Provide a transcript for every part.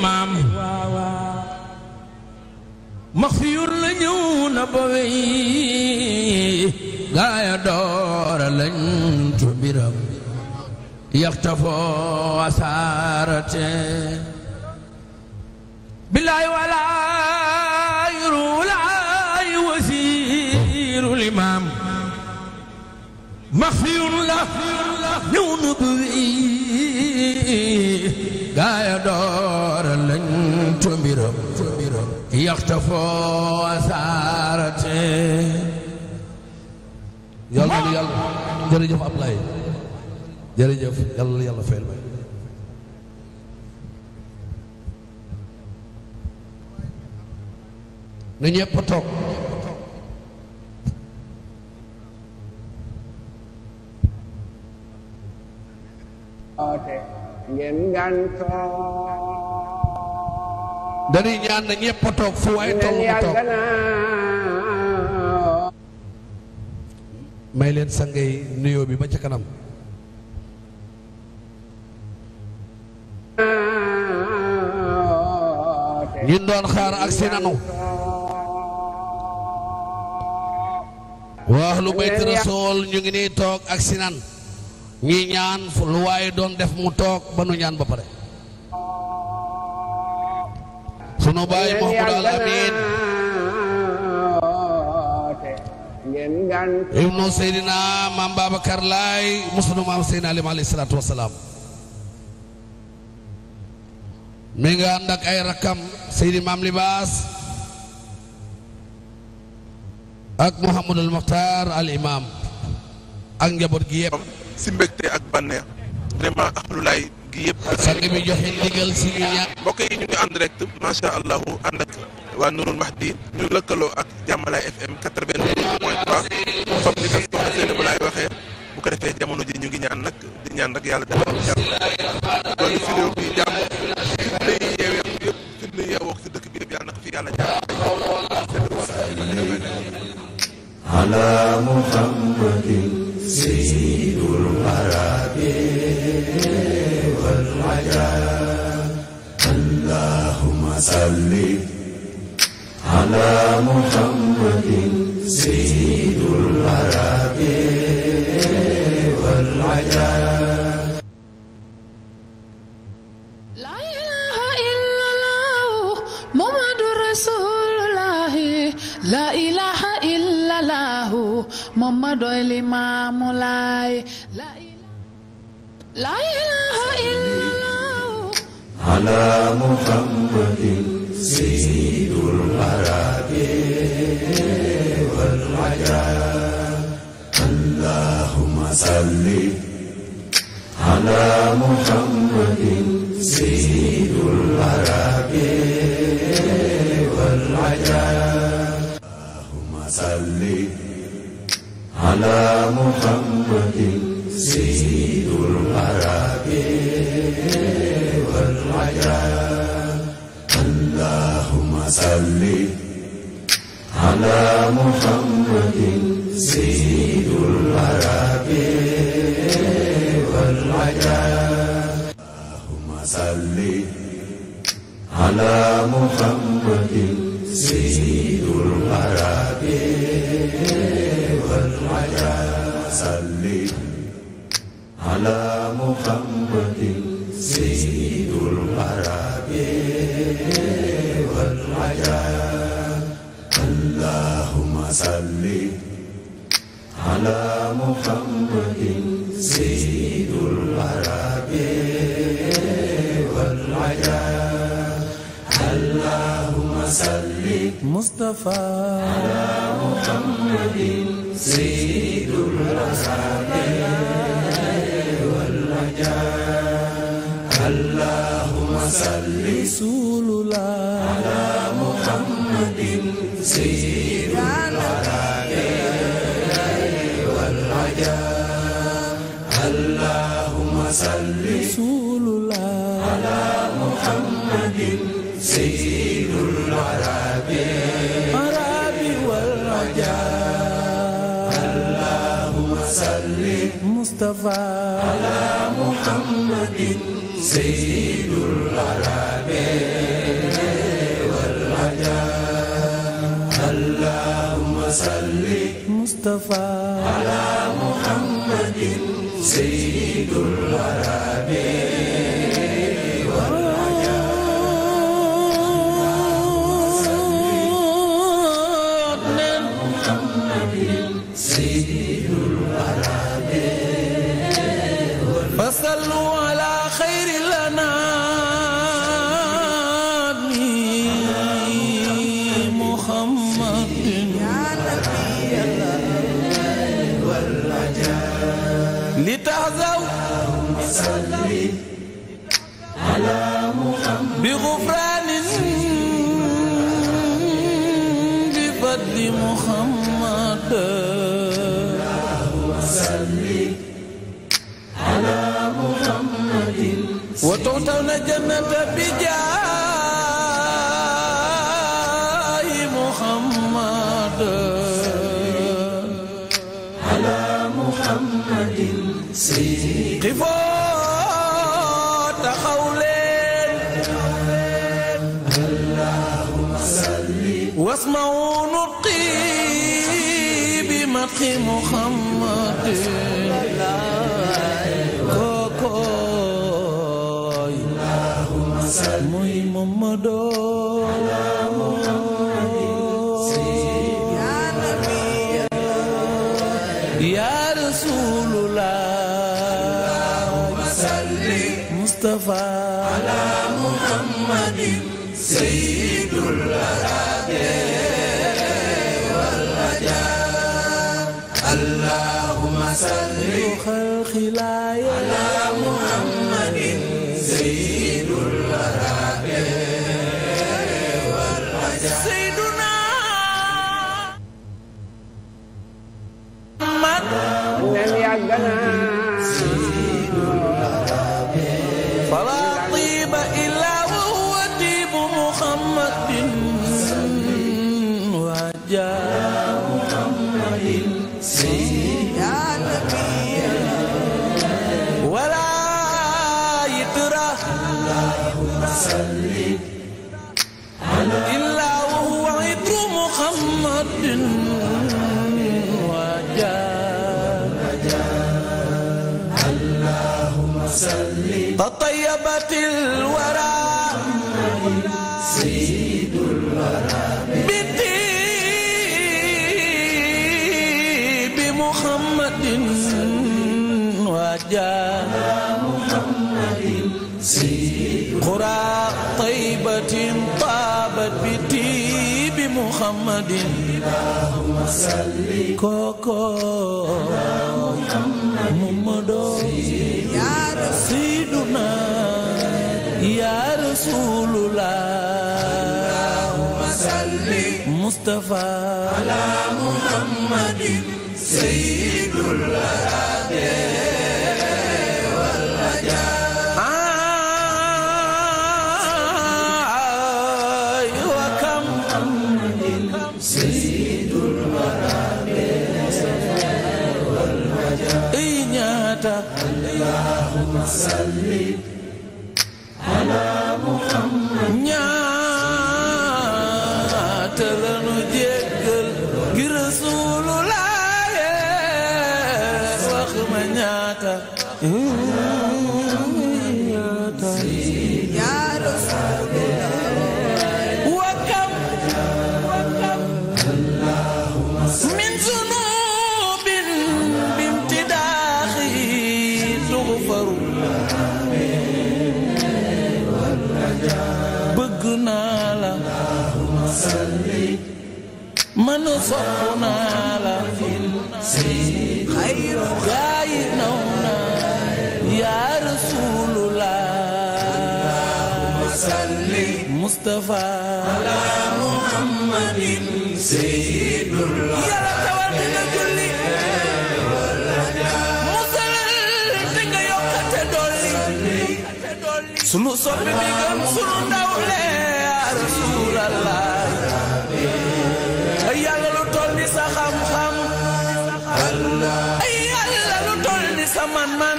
maam max yur la ñëw na ba wey gaaya doora lañ cu biram yaxtafoo asaarate billaay walaay rulaay wasiirul imaam max yur la ñëw na ba wey gaaya doora fa mbiram yaxtafoo asaarate yàlla na yàlla jërëjëf Ablaye jërëjëf yàlla na yàlla fayal dañuy ñaan na ñëpp toog fu waaye toog mu toog may leen sa ngay bi ba ca kanam ñun doon xaar ak si nanu wax lu bayti rasool ñu ngi nii toog ak si nan ñi ñaan lu waaye doon def mu toog ba nu ñaan ba pare sunu baay Mouhamadou Al Amin ibnu Seydina maam Babacar Laay mu sunu maam Seydina Lim alayhi salaatu wasalaam mi nga ànd ak ay rakkam Seydi maam Libaas ak Mouhamadul Mokhtar al imam ak njaboot gi yëpp si mbégte ak bànneex vraiment axlulaay gi yëpp. sang bi joxe mbokk yi ñu ngi en direct macha allah ànd ak waa Nurul Mahdi ñu lëkkaloo ak Jàmmalaay FM quatre-vingt-dix point trois waxee bu ko defee jamono ji ñu ngi ñaan nag di ñaan nag yàlla defal jàmm. محمد سيد العرب العرب والرجاء اللهم صل مصطفى على محمد سيد العرب والرجاء اللهم صل مصطفى على محمد سيد العرب محمد وسلم إلا وهو عطر محمد وجاء اللهم صل فطيبت الوجه ثبتي بمحمد اللهم صل كوكو محمد يا سيدنا يا رسول الله اللهم صل مصطفى على محمد سيد الأرادين المصطفى على محمد سيد الله يلا تولنا كل sunu soppi bi gëm sunu ndaw yaa rasulallah ay yàlla lu toll sa xam-xam ay yàlla lu toll sa man-man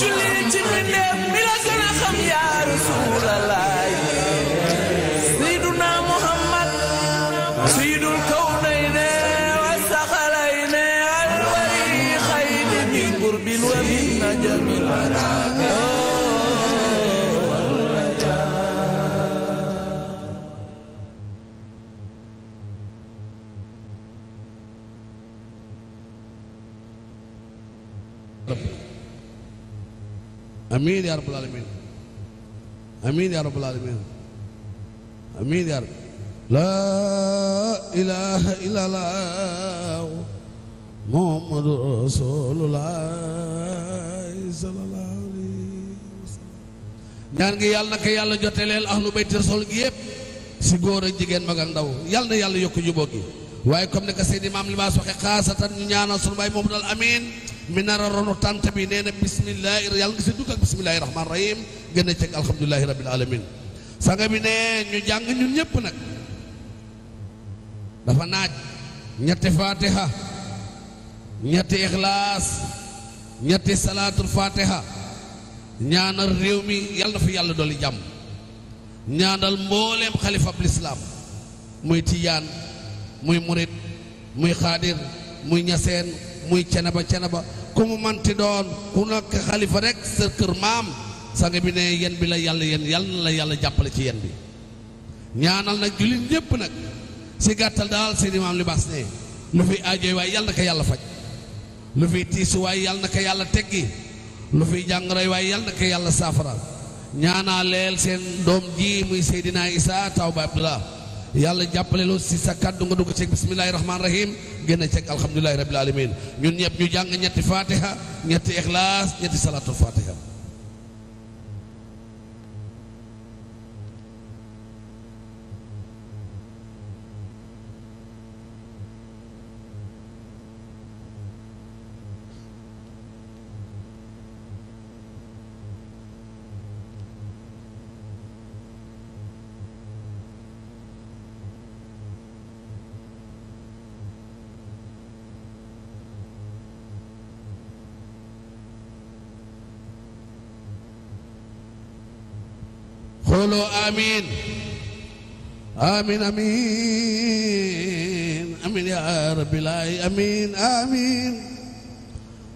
julli ci mbindeef bi amiin yaa rabbal aalamiin amiin yaa rabbal aalamiin amiin yaa rabbal laa muhammadu rasuulullaah sallallaahu gi yàlla na ko yàlla jote leel ahlu bayti rasul gi yëpp si góor jigéen mag ak ndaw yàlla na yàlla yokk gi waaye comme ne ko seydi libaas waxe xaasatan ñu ñaanal sunu baay moom dal mi nar a ronu tànt bi nee na bisimilah yàlla nga si dugg ak bisimilahi rahmaani rahim gën a ceg alhamdulilahi rabil alamin sanga bi ne ñu jàng ñun ñëpp nag dafa naaj ñetti fatiha ñetti ixlaas ñetti salaatul fatiha ñaanal réew mi yàlla na fi yàlla dolli jàmm ñaanal mboolem xalifab lislaam muy tijaan muy murit muy xaadir muy ñaseen muy Cenaba Cenaba ku mu manti doon ku nekk xalifa rek sa kër maam sang bi ne yen bi la yàlla yen yàlla na la yàlla jàppale ci yen bi ñaanal nag jullit ñépp nag si gàttal daal seen imaam libaas ne lu fi aajoy waaye yàlla na ko yàlla faj lu fi tiisu waaye yàlla na ko yàlla teggi lu fi jàngoroy waaye yàlla na ko yàlla saafara ñaanaa leel seen doom ji muy Seydina Isa taw ba Abdullah yàlla jàppale loo si sa kàddu nga dugg ceeg bisimilahi rahmaani rahim génn ceeg alhamdulilahi rabil alamin ñun ñëpp ñu jàng ñetti fatiha ñetti ixlaas ñetti salaatul fatiha قولوا آمين آمين آمين آمين يا رب العالمين آمين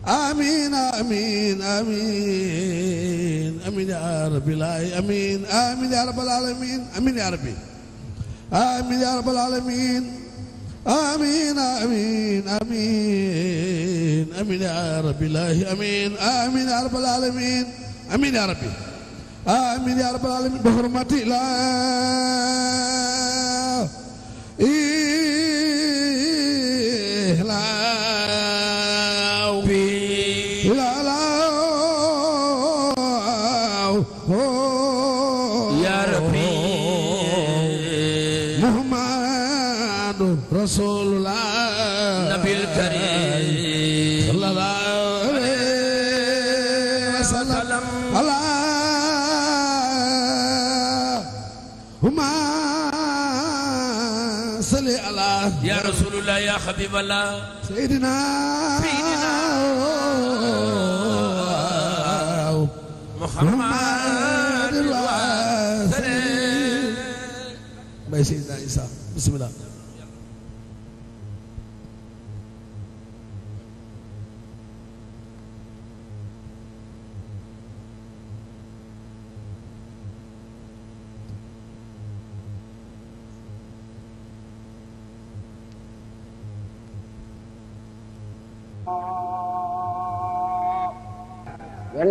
آمين آمين آمين آمين آمين يا رب العالمين آمين يا رب العالمين آمين يا ربي آمين يا رب العالمين آمين آمين آمين آمين يا رب الله آمين آمين يا رب العالمين آمين يا ربي آمين يا رب العالمين بحرمتي لا إيه Habib Allah Seydina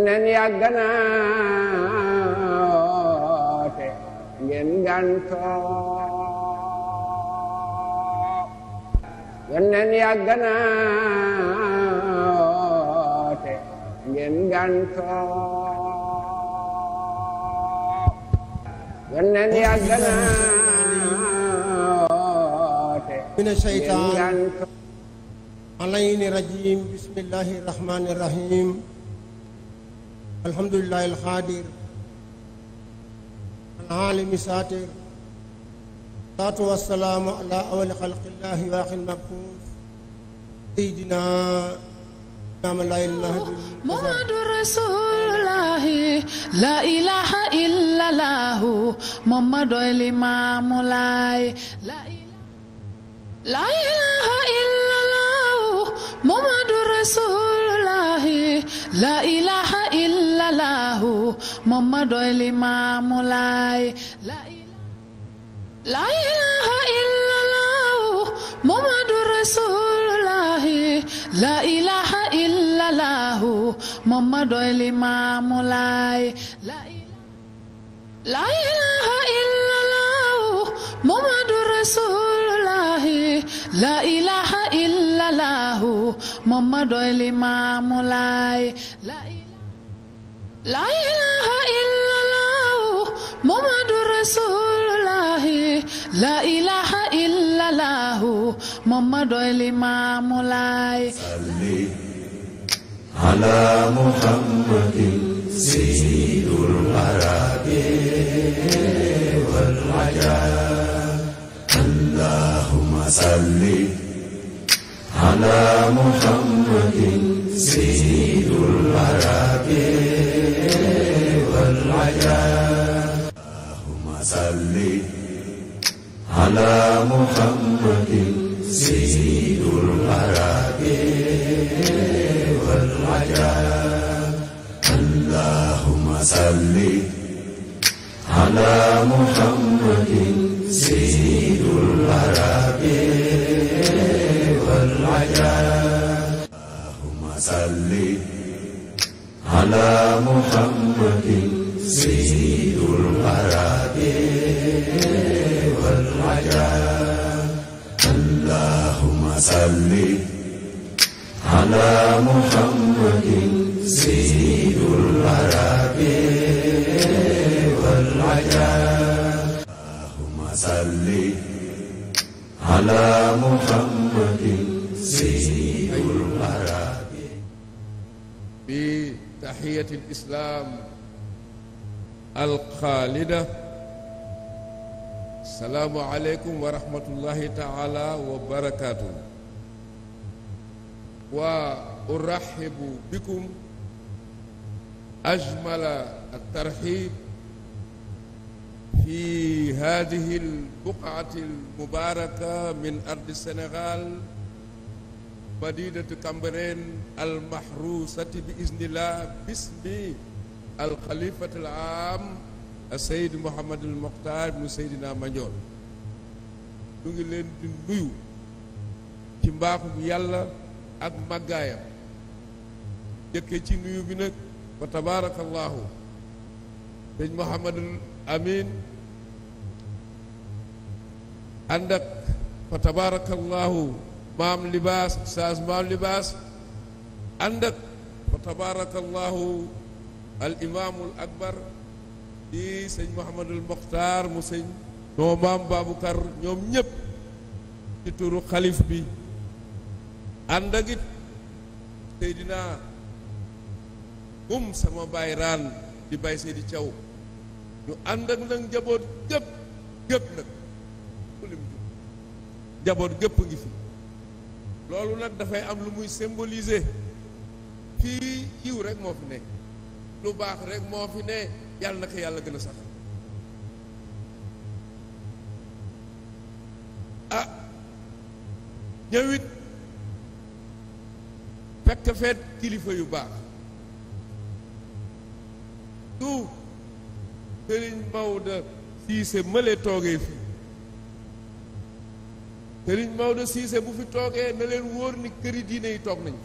nen yàgg na te ngeen gàntoo yoon nen yàgg na te ngeen gàntoo yoon nen yàgg na te ngeen gàntoo alayni rajim bismillahi rahmani rahim alhamdulillahi alxaadir alaalimi saatir salaatu wassalaamu ala awali xalqillahi waaxil mabkuus seydina Muhammadu Rasulullahi la ilaha illallahu Muhammadu Limaamu Laay la ilaha illallahu Muhammadu Rasulullahi la ilaha illallahu moom ma doy li maamu laay laa ilaha illallahu muhammadu rasulullahi laa ilaha illallahu moom ma doy li maamu laay laa ilaha illallahu muhammadu rasulullahi laa ilaha illallahu moom ma doy li maamu laay laa ilaaha illallah muhammadu rasulullah laa ilaaha illallah muhammadu limaamu laay salli ala muhammadin sayyidul arabi wal ajab allahumma salli على محمد سيد العرب والعجاب اللهم صل على محمد سيد العرب والعجاب اللهم صل على محمد سيد العرب اللهم صل على محمد سيد الغراب والعجاب اللهم صل على محمد سيد الغراب والعجاب اللهم صل على محمد سيد الورى بتحية الإسلام الخالدة السلام عليكم ورحمة الله تعالى وبركاته وأرحب بكم أجمل الترحيب في هذه البقعة المباركة من أرض السنغال madinatu Cambérène al mahrusati bi iznillah bismi al xalifat al aam Seyd Mouhamad al Mokhtar mu Seydina Mandione ñu ngi leen di nuyu ci mbaaxu yàlla ak màggaayam jëkke ci nuyu bi nag fa tabaarakallaahu sëñ Mouhamadul Amin ànd fa tabaarakallaahu maam libaas saas maam libaas ànd ak fa tabaarakallahu al imaamul akbar di sëñ Mouhamadul Mokhtar mu sëñ noo Baabukar ñoom ñépp ci turu xalif bi ànd ak it Seydina hum sama baay raan di bay Seydi Thiaw ñu ànd ak nag njaboot gépp gépp nag ku gépp ngi fi loolu nag dafay am lu muy symboliser fii yiw rek moo fi ne lu baax rekk moo fi ne yàlla na ko yàlla gën a sax a ah, ñëwit fekk feet kilifa yu baax du sëriñ fii Cissé mële toogee fii Serigne Maodo siise bu fi toogee na leen wóor ni këri diine yi toog nañ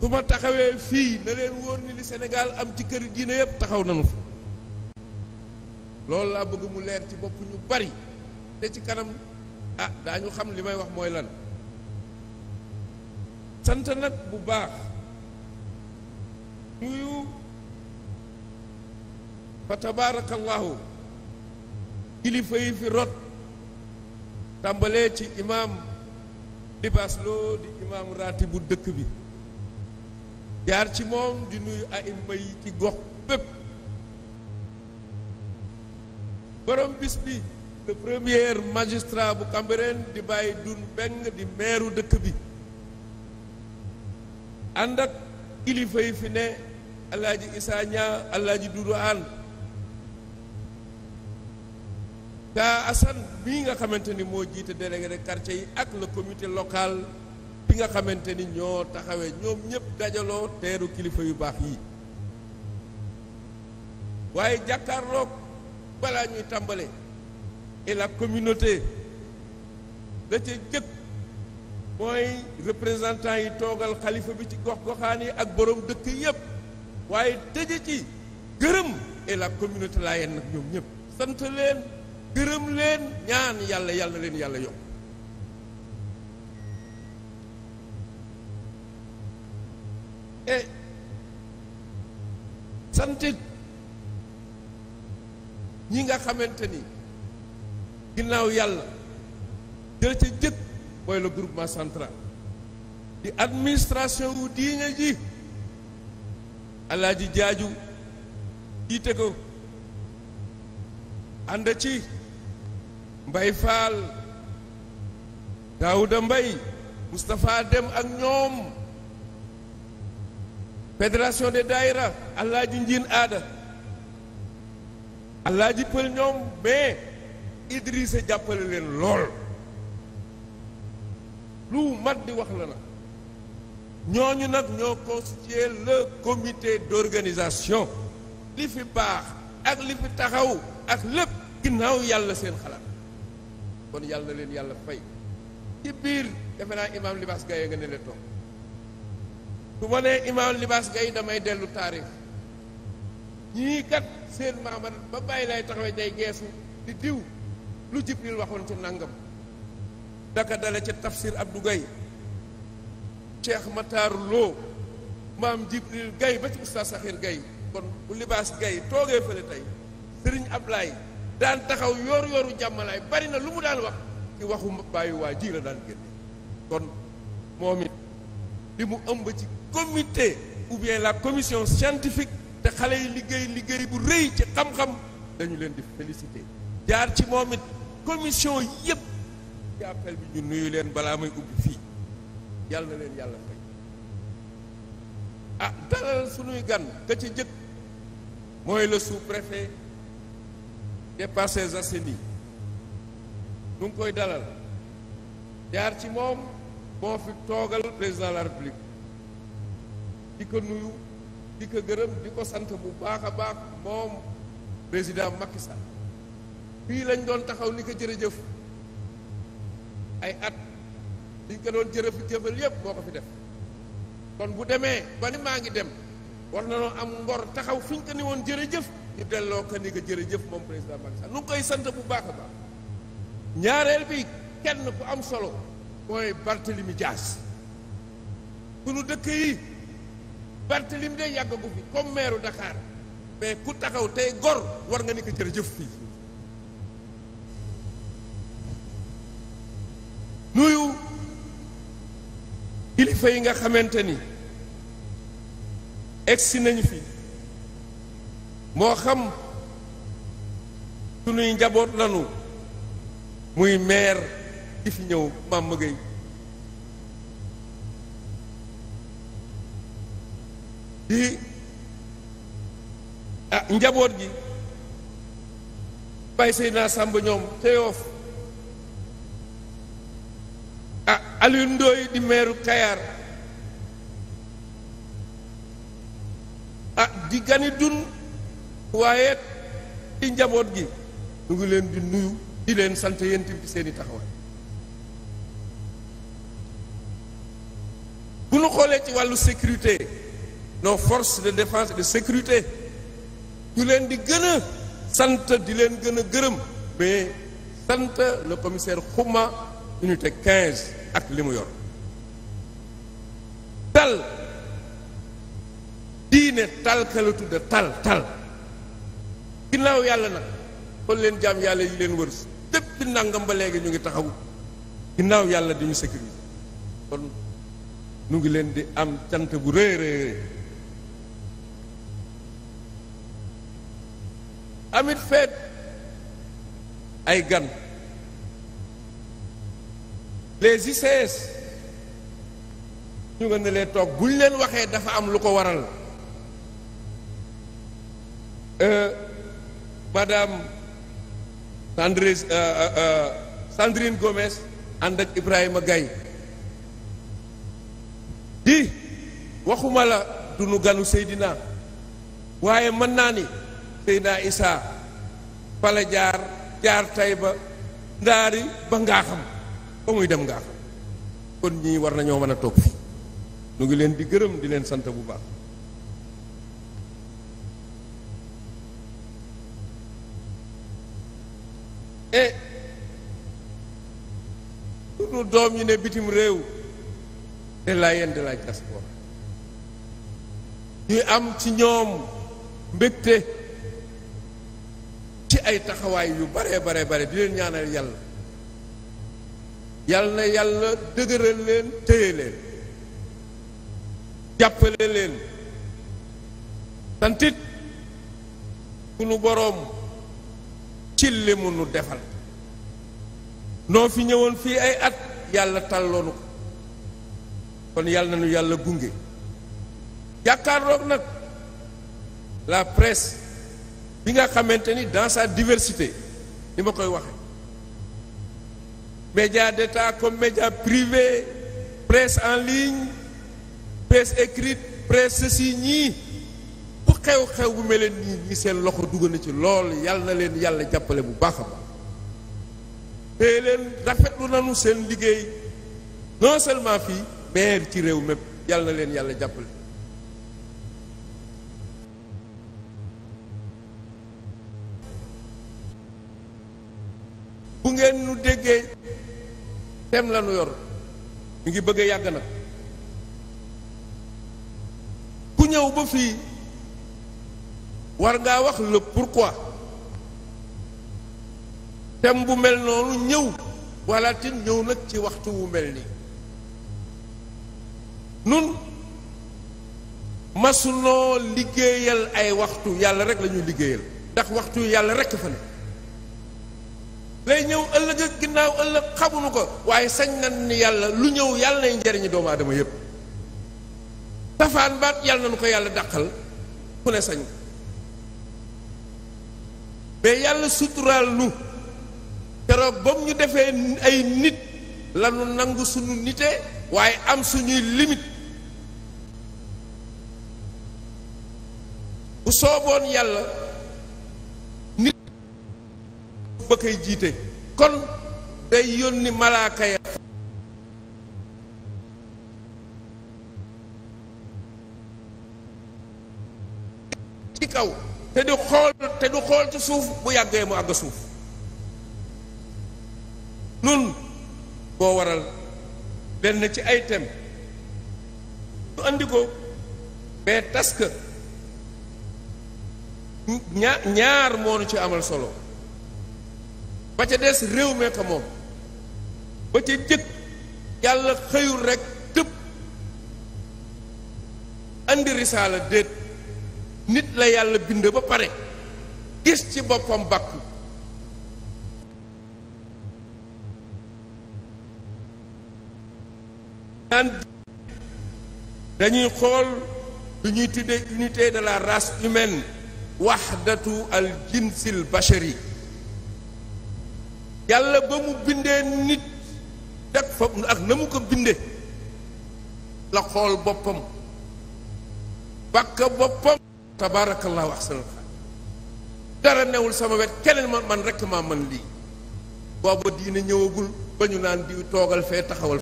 su ma taxawee fii na leen wóor ni li Sénégal am ci këri diine yëpp taxaw nañu fi loolu laa bëgg mu leer ci bopp ñu bari te ci kanam a ah, daañu xam li may wax mooy lan sant nag bu baax nuyu fa tabaarakallaahu kilifa yi fi rot tàmbalee ci imaam Libaas di imaam raati bu dëkk bi jaar ci moom di nuyu aïma yi ci gox bépp borom bis bi le premier magistrat bu Cambérène di bàyyi dun beng di meeru dëkk bi ànd ak kilifa fi ne alaaji Isaa alaaji Dudu Aan Assane bii nga xamante ni moo jiite délégué de quartier yi ak le comité local bi nga xamante ni ñoo taxawee ñoom ñëpp dajaloo teeru kilifa yu baax yi waaye jàkkaarloog balaa ñuy tàmbale et la communauté da ca jëkk mooy représentant yi toogal xalifa bi ci gox goxaan yi ak boroom dëkk yëpp waaye tëje ci gërëm et la communauté laa yenn nag ñoom ñëpp sant leen gërëm leen ñaan yàlla yàlla leen yàlla yokk et eh, santit ñi nga xamante ni ginnaaw yàlla jël ca jëkk mooy le groupement central di administration wu diine ji alaaji jaaju jiite ko ànd ci Mbay Fall Daouda Mbay Moustapha Dem ak ñoom fédération des daïra Alaaji Njiin Aada Alaaji Pël ñoom mais Idrissa jàppale leen lool lu mat di wax la na ñooñu nag ñoo constituer le comité d'organisation li fi baax ak li fi taxaw ak lépp ginnaaw yàlla seen xalaat kon yàlla na leen yàlla fay ci biir defe naa imaam libaas gaye nga ne su ma nee imaam libaas gaye damay dellu taarix ñii kat seen maaman ba bàyyi lay taxawee day geesu di diw lu jibril waxoon ci nangam daka dale ca tafsir abdou gaye cheikh matar loo maam jibril gaye ba ci oustaz saxir gaye kon bu libaas gaye toogee fële tey sëriñ ablaay daan taxaw yooru yooru jàmmalaay bari na lu mu daan wax ci waxu bàyyi waa ji la daan génne kon moom it li mu ëmb ci comité ou bien la commission scientifique te xale yi liggéey liggéey bu rëy ci xam-xam dañu leen di féliciter jaar ci moom it commission yëpp ci bi ñu nuyu leen balaa may ubbi fii yàlla leen yàlla fay ah dalal suñuy gan ka ci jëkk mooy le sous-préfet des Parcelles Assainies nu ngi koy dalal jaar ci moom moo fi toogal président la République di ko nuyu di ko gërëm di ko sant bu baax a baax moom président Macky Sall fii lañ doon taxaw ni ko jëf ay at di ko doon jërëf jëfal yépp moo ko fi def kon bu demee ba ni maa ngi dem war na noo am ngor taxaw fi ñu ko ni woon jërëjëf ñu delloo ko ni nga jërëjëf moom président Macky Sall nu ngi koy sant bu baax a ñaareel bi kenn ku am solo mooy Barthélemy Dias sunu dëkk yi Barthélemy de yàggagu fi comme maire Dakar mais ku taxaw tey gor war nga ni ko jërëjëf fii nuyu kilifa yi nga xamante ni egsi nañu fi moo xam sunuy njaboot lanu muy maire di fi ñëw maam mëgéy di ah njaboot gi bàyyi Seydina Sàmb ñoom ca Yoof ah di meeru Kayar ah di gani dun waaye ci njaboot gi ñu ngi leen di nuyu di leen sant yéen tamit seeni i taxawaay bu ñu xoolee ci wàllu sécurité nos force de défence et de sécurité du leen di gën a sant di leen gën a gërëm mais sant le commissaire Khouma unité 15 ak li mu yor tal diine tal ka la tudde tal ginnaaw yàlla na xool leen jaam yàlla yi leen wër depuis nangam ba léegi ñu ngi taxaw ginnaaw yàlla di ñu sécuriser kon ñu ngi leen di am cant bu rëy rëy amit feet ay gan les ICS ñu nga ne lee toog buñ leen waxee dafa am lu ko waral. Euh, madame Sandrine uh, uh, uh, Sandrine Gomes ànd ak Ibrahima gay di waxuma la du nu ganu Seydina waaye mën naa ni Seydina Isa fala jaar jaar tay ba ndaari ba ngaa xam ba muy dem ngaa xam kon ñii war nañoo mën a toog fii nu ngi leen di gërëm di leen sant bu baax e sunu doom ñu ne bitim réew de layen de la diaspora ñuy am ci ñoom mbégte ci ay taxawaay yu bare bare bare di leen ñaanal yàlla yàlla na yàlla dëgëral leen téye leen jàppale leen santit sunu boroom ci li mu nu defal noo fi ñëwoon fii ay at yàlla tàlloonu ko kon yàlla nañu yàlla gunge jàkkaarloog nag la presse bi nga xamante ni dans sa diversité li ma koy waxe média d'état comme média privé presse en ligne presse écrite presse ceci ñii xew-xew bu mel ni seen loxo dugg na ci lool yàlla na leen yàlla jàppale bu baax a baax te leen rafetlu nanu seen liggéey non seulement fii mais ci réew mépp yàlla na leen yàlla jàppale bu ngeen nu déggee tem la yor mu ngi bëgg a yàgg nag ku ñëw ba fii war ngaa wax le pourquoi thème bu mel noonu ñëw walaatin ñëw nag ci waxtu wu mel nii nun masunoo liggéeyal ay waxtu yàlla rek lañuy liggéeyal ndax waxtu yàlla rekk fa ne lay ñëw ëllëg ak ginnaaw ëllëg xamuñu ko waaye sañ nan ni yàlla lu ñëw yàlla nay njariñu doomu aadama yépp safaan baat yàlla nañu ko yàlla dàqal ku ne sañ ba yàlla suturaal nu keroog ba mu ñu defee ay nit lanu nangu suñu nite waaye am suñuy limit bu sooboon yàlla nit ba koy jiite kon day yónni malaaka ya ci kaw te du xool te du xool ci suuf bu yàggee mu àgg suuf nun boo waral benn ci ay thème ñu andi ko mais tas que ñaar ñaar moonu ci amal solo ba ca des réew mee ko moom ba ca jëkk yàlla xëyul rek tëb andi risaala déet nit la yàlla binde ba pare gis ci boppam bàkku dañuy xool lu ñuy tuddee unité de la race humaine wahdatu al jinsil bashari yàlla ba mu bindee nit dak fa ak na mu ko binde la xool boppam bàkk boppam tabaarakallaahu ahsanal dara newul sama wet keneen man man rekk maa man lii booba diine ñëwagul ba ñu naan diw toogal fee taxawal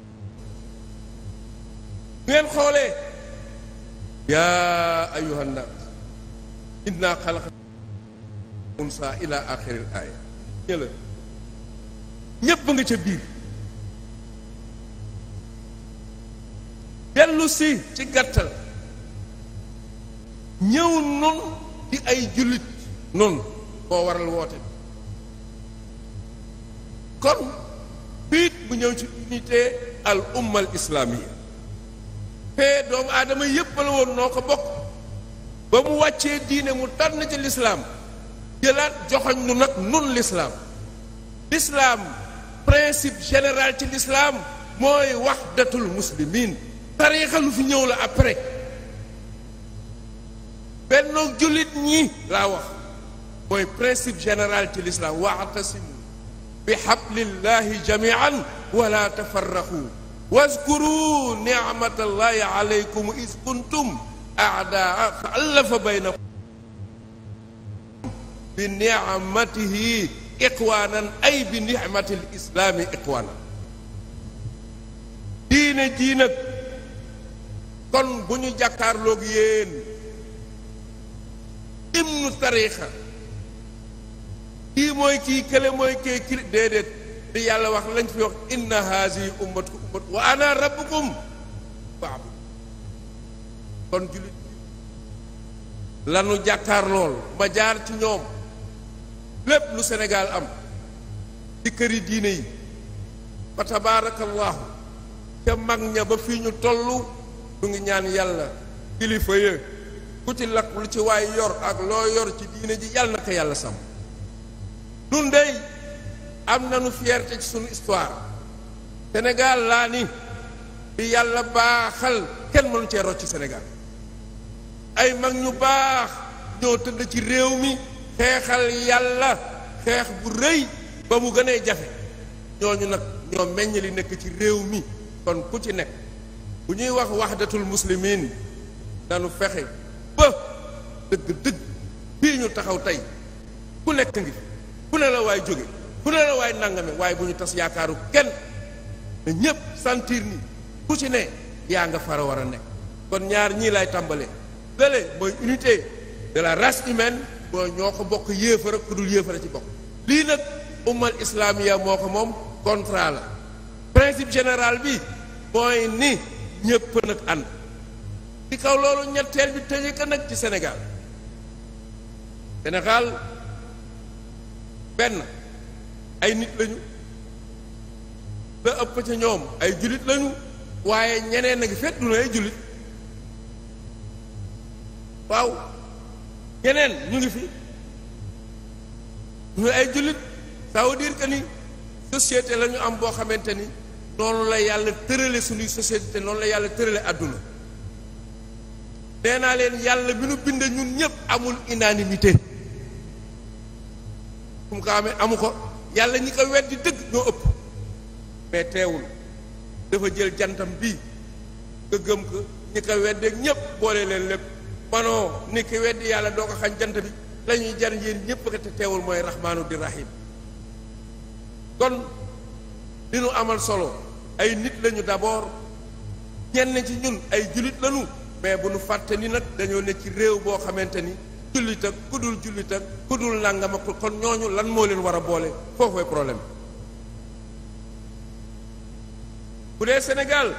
ngeen xoolee yaa ayuha nnaas inna xalaqa unsa ila axiril aaya ñëla ñépp nga ca biir dellu ci gàttal ñëw nun di ay jullit nun moo waral woote kon biit bu ñëw ci unité al umma al te doomu aadama yépp la woon noo ko bokk ba mu wàccee diine mu tànn ci lislaam jëlaat joxoñ nu nag nun lislaam lislaam principe général ci lislaam mooy waxdatul muslimin tariixa lu fi ñëw la après bennoog jullit ñi laa wax mooy principe général ci l'islam waatasimu bi xablillahi jamian wala tafarraqu waskuru nicmatallahi alaykum is kuntum aadaa fa allafa baynakum bi nicmatihi iqwaanan ay bi nicmati lislaami iqwaanan diine jii nag kon bu ñu jàkkaarloog yéen ibnu tarixa kii mooy kii kële mooy kii kii déedéet di yàlla wax lañ fi wax inna haasi ummatukum ummatukum wa ana rabbukum lanu jàkkaar lool ma jaar ci ñoom lépp lu Sénégal am ci këri diine yi fa tabaarakallaahu ca mag ña ba fii ñu toll ñu ngi ñaan yàlla kilifa ya ku ci lakk lu ci waay yor ak loo yor ci diine ji yàlla na yàlla sàmm nun dey am nañu fierté ci sunu histoire Sénégal laa ni bi yàlla baaxal kenn mënu cee rocc Sénégal ay mag ñu baax ñoo tëdd ci réew mi xeexal yàlla xeex bu rëy ba mu gënee jafe ñooñu nag ñoo meññ li nekk ci réew mi kon ku ci nekk bu ñuy wax waxdatul muslimin danu fexe ba dëgg dëgg bii ñu taxaw tey ku nekk ngi ku ne la waay jóge ku ne la waay nangame waaye bu ñu tas yaakaaru kenn ne ñépp sentir ni ku ci ne yaa nga fara war a nekk kon ñaar ñii lay tàmbalee lële mooy unité de la race humaine ñoo ko bokk yéefara ku dul yéefara ci bokk lii nag ummal islamiya moo ko moom contrat la principe général bi mooy ni ñépp nag ànd ci kaw loolu ñetteel bi tëjee ko nag ci senegaal Sénégal benn ay nit lañu la ëpp ca ñoom ay jullit lañu waaye ñeneen nag fekk du ay jullit waaw ñeneen ñu ngi fi ñu ay jullit ça veut dire que ni société la ñu am boo xamante ni noonu la yàlla tërale suñuy te noonu la yàlla tërale àdduna nee naa leen yàlla bi nu bind ñun ñëpp amul unanimité fu mu ko amee amu ko yàlla ñi ko weddi dëgg ñoo ëpp mais teewul dafa jël jantam bi nga gëm ko ñi ko weddeeg ñëpp boole leen lépp manoo ni ki weddi yàlla doo ko xañ jant bi lañuy jar yéen ñëpp ka te teewul mooy raxmaanu di rahim kon li nu amal solo ay nit lañu d'abord ñenn ci ñun ay julit lañu mais bu nu fàtte ni nag dañoo ne ci réew boo xamante ni jullit ak ku dul jullit ak ku dul nàngam ak kon ñooñu lan moo leen war a boole foofu problème bu dee senegal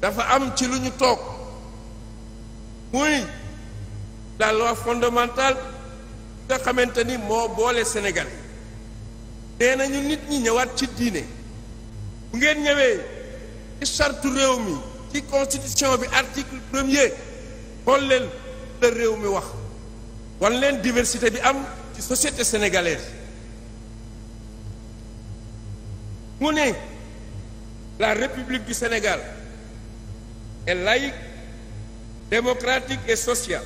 dafa am ci lu ñu toog muy la loi fondamentale nga xamante ni moo boole senegal nee nañu nit ñi ñëwaat ci diine bu ngeen ñëwee ci sartu réew mi ci constitution bi article premier xool leen la réew mi wax wan leen diversité bi am ci société sénégalaise mu ne la république du Sénégal est laïque démocratique et sociale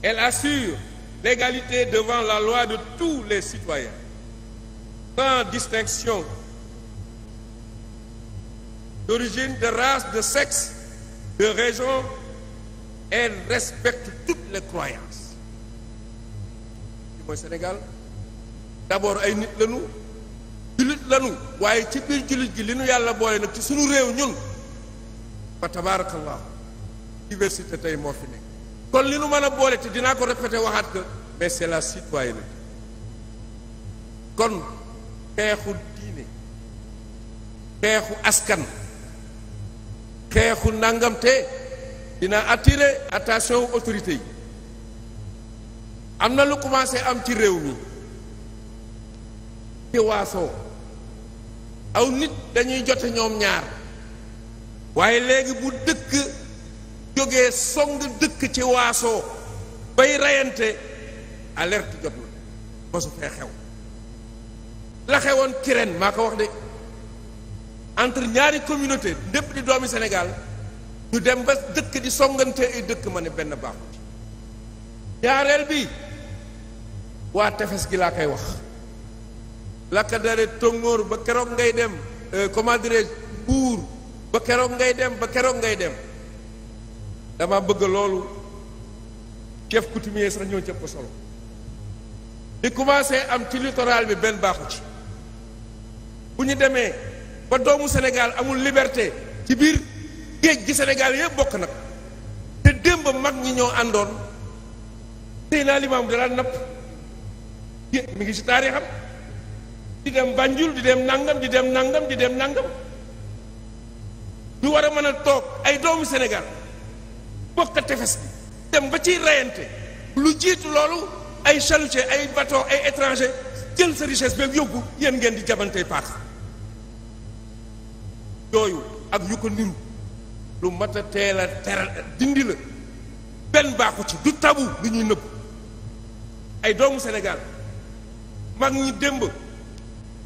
elle assure l'égalité devant la loi de tous les citoyens sans distinction d'origine, de race, de sexe, de région, elle respecte toutes les croyances li mooy Sénégal d'abord ay nit lañu jullit lañu waaye ci biir jullit gi li nu yàlla boole nag ci suñu réew ñun fa tabaarakallah diversité tey moo fi nekk kon li nu mën a boole te dinaa ko répété waxaat que mais c'est la citoyenneté kon xeexu diine xeexu askan xeexu nangam dina attirer attention autorité yi am na lu commencé am ci réew mi ci waasoo aw nit dañuy jote ñoom ñaar waaye léegi bu dëkk jógee song dëkk ci waasoo bay reyante alerte jot na mosu fee xew la xewoon kireen maa ko wax de entre ñaari communauté ndépp di doomi Sénégal du dem ba dëkk di songante ay dëkk ma ne benn baaxut ñaareel bi waa tefes gi laa koy wax la ko dale ba keroog ngay dem euh, comment dirais buur ba keroog ngay dem ba keroog ngay dem dama bëgg loolu chef coutumier sax ñoo cëpp ko solo li commencé am ci bi benn baaxu ci bu ñu demee ba doomu Sénégal amul liberté ci biir géej gi Sénégal yëpp bokk nag te démb mag ñi ñoo àndoon tey naa limaam dalaa napp mu ngi si taarixam di dem Banjul di dem nangam di dem nangam di dem nangam ñu war a mën a toog ay doomu Sénégal bokk tefes dem ba ciy reyante lu jiitu loolu ay chalutier ay bateau ay étranger jël sa richesse ba yóbbu yéen ngeen di jabantey paas yooyu ak ñu ko niru lu mat a teel dindi la benn baaxu ci du tabu lu ñuy nëbb ay doomu Sénégal mag ñi démb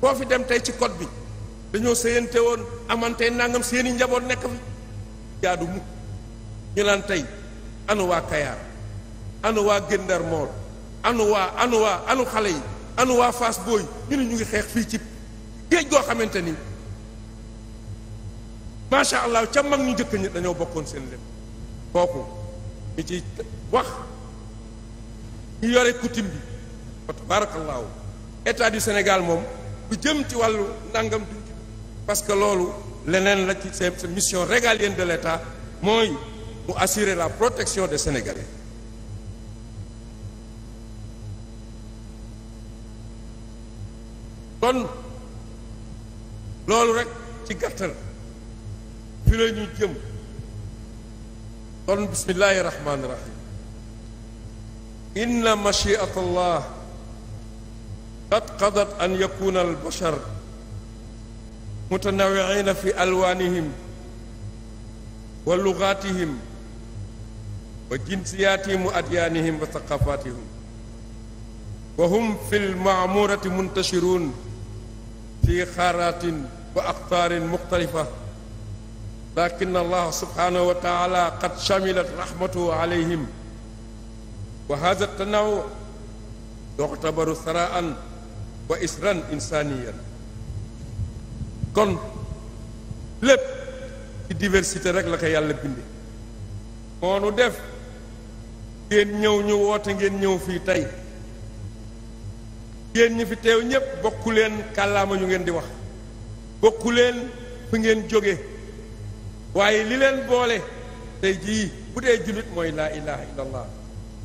boo fi dem tey ci code bi dañoo séyante woon amante nangam seeni njaboot nekk fi jaadu mukk ñu naan tey anu waa Kayaar anu waa Gëndar Mool anu waa anu waa xale yi anu waa Fass Boy ñu ne ngi xeex fii ci géej goo xamante ni macha allah ca mag ñu jëkk ñi dañoo bokkoon seen lépp kooku ñi ci wax ñu yore coutume bi wa tabaarakallaahu état Sénégal moom lu jëm ci wàllu ndàngam parce que loolu leneen la ci sa mission régalienne de l'état mooy mu assurer la protection de Sénégalais kon loolu rek ci gàttal fi la ñu jëm kon bismillahi rahmaani rahim inna machiata allah qad qadat an yakuna albashar mutanawiina fi alwaanihim wa lugaatihim wa jinsiyaatihim wa adyaanihim wa saqafaatihim wa hum fi lmaamuurati muntashiruun fi xaaraatin wa aqtaarin muxtalifa lakin allah subhanahu wa taala shamilat rahmatuhu alayhim wa hadha tanawu saraan wa isran insaniyan kon lépp ci diversité rek la ko yàlla binde moo nu def ngeen ñëw ñu woote ngeen ñëw fii tey yéen ñi fi teew ñépp bokku leen kàllaama ñu ngeen di wax bokku leen fi ngeen jóge waaye li leen boole tey jii bu dee jullit mooy laa ilaha illallah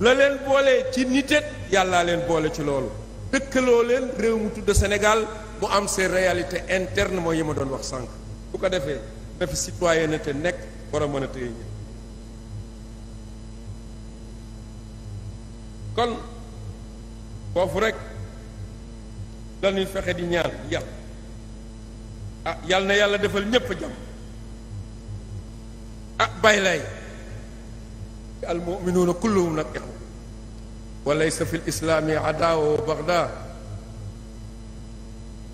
la leen boole ci nitet yàllaa leen boole ci loolu dëkkaloo leen réew mu tudd senegal mu am seen réalité interne yi ma doon wax sànq bu ko defee na fi citoyenneté nekk war a mën a téye ñëpp kon foofu rek lañuy fexe di ñaan yàlla ah yàlla na yàlla defal ñépp jàmm ah bàyyi lay almuminuuna kulluhum nag ixwa wa laysa fi lislaami adaawa wa bagda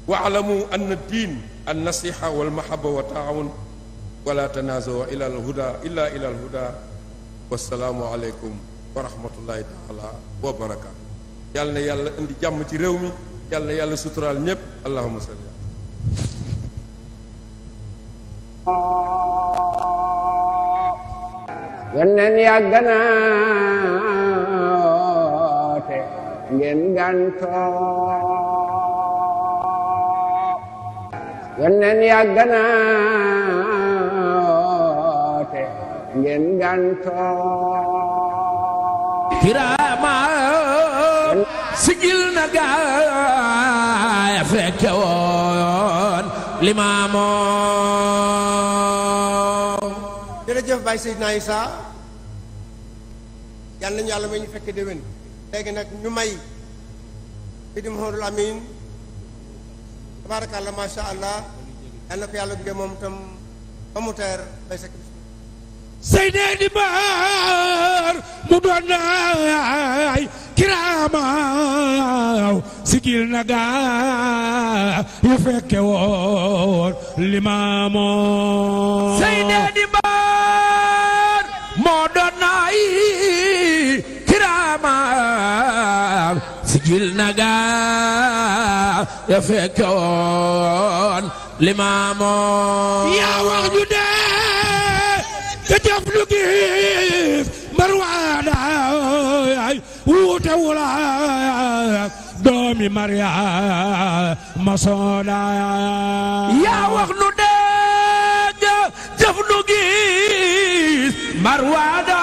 waalamu ann diin annasiha walmahaba wa taawun wala tanazawa ila alhuda illa ila alhuda wasalaamu aleykum wa rahmatullahi taala wa barakaatu yàlla na yàlla indi jàmm ci réew mi yàlla na yàlla suturaal ñépp allahuma salli yónneen yàgg na te ngeen gàntoo yónneen yàgg na te bàyyi Seydina Isa yàlla nañu yàlla ñu fekkee déwén léegi nag ñu may Seydi Mouhamadul Amin tabaarakàlla macha allah yàlla ko yàlla duggee moom itam ba mu teer mu doon naay kiraamaaw sigil na gaa woon limaamoo yi kiraamaa sigil nagaa ya fekke woon limaamoo yaa wax ju dee te jëf lu giif mbar waadaay wuute wulaay doomi Maria masooda yaa wax nu dee jëf lu giif marwaada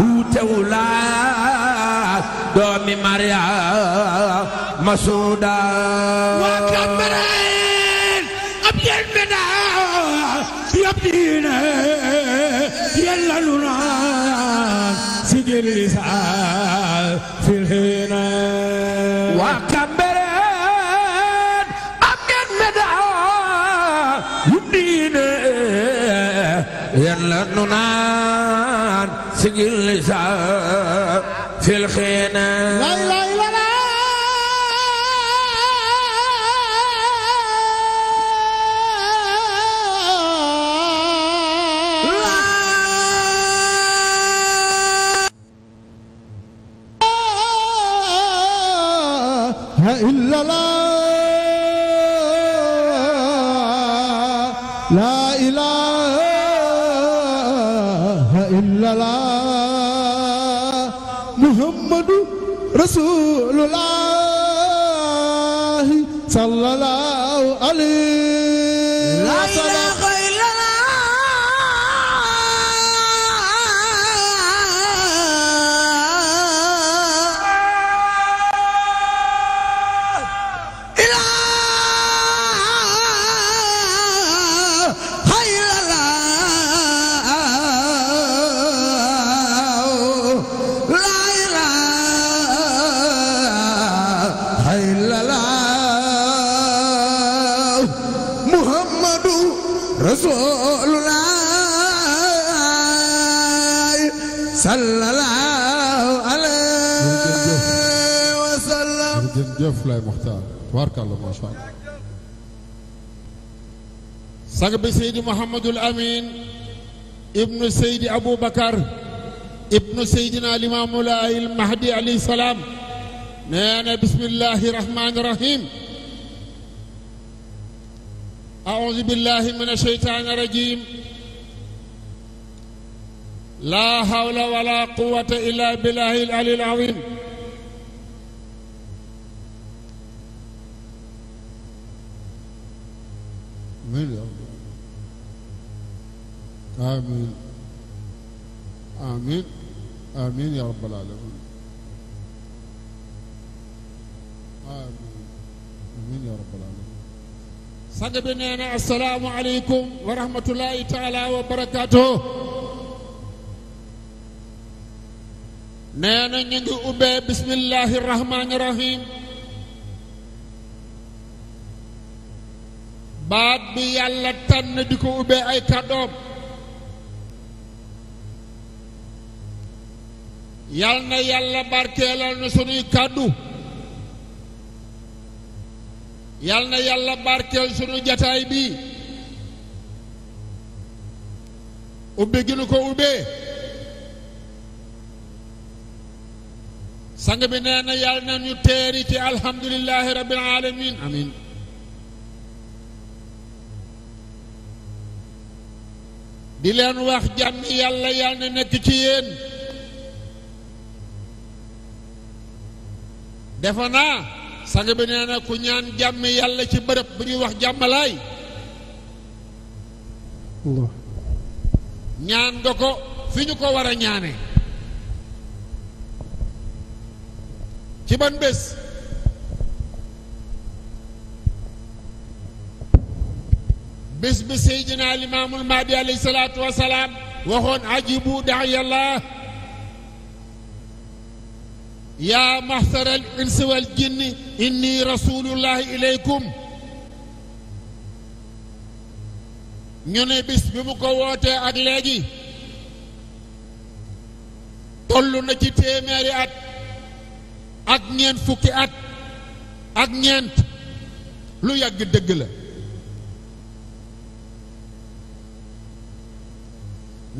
wutewulaas doomi mariyaam masuuda waa kambareen ab yeen medaa yab diine yella lu naan sigir lisaan سجل لسان في الخيانات jërëjëf Laay Muxtaar tabaarkàlla macha allah sang bi Seydi Mouhamadul Amin ibnu Seydi Aboubacar ibnu Seydina Limaamu Laay il Mahdi alayhi salaam nee na bismillahi rahmaani rahiim أعوذ بالله من الشيطان الرجيم لا حول ولا قوة إلا بالله العلي العظيم amin amin amin ya rabbal alamin amin amin ya rabbal alamin sang bi nee na asalaamu aleykum wa rahmatullahi taala wa barakatuh nee na ñu ngi ubbee bismillahi rahmaani rahim baat bi yàlla tànn di ko ubbee ay kàddoom yal na yàlla barkeelal nu sunuy kàddu yal na yàlla barkeel sunu jataay bii ubbi gi ko ubbee sang bi nee na yal na ñu teeri ci alhamdulillahi rabbil alamin amin di leen wax jàmm yàlla yal na nekk ci yéen defe sang bi nee na ku ñaan jàmm yàlla ci bërëb bu ñuy wax jàmmalaay ñaan nga ko fi ñu ko war a ñaane ci ban bés bés bi Seydina Limaamul Mahdi alayhi salaatu wa salaam waxoon ajibu daayallah yaa maxsara al insi wal jinni inni rasulullahi ilaykum ñu ne bis bi mu ko wootee ak léegi toll na ci téeméeri at ak ñeent fukki at ak ñeent lu yàgg dëgg la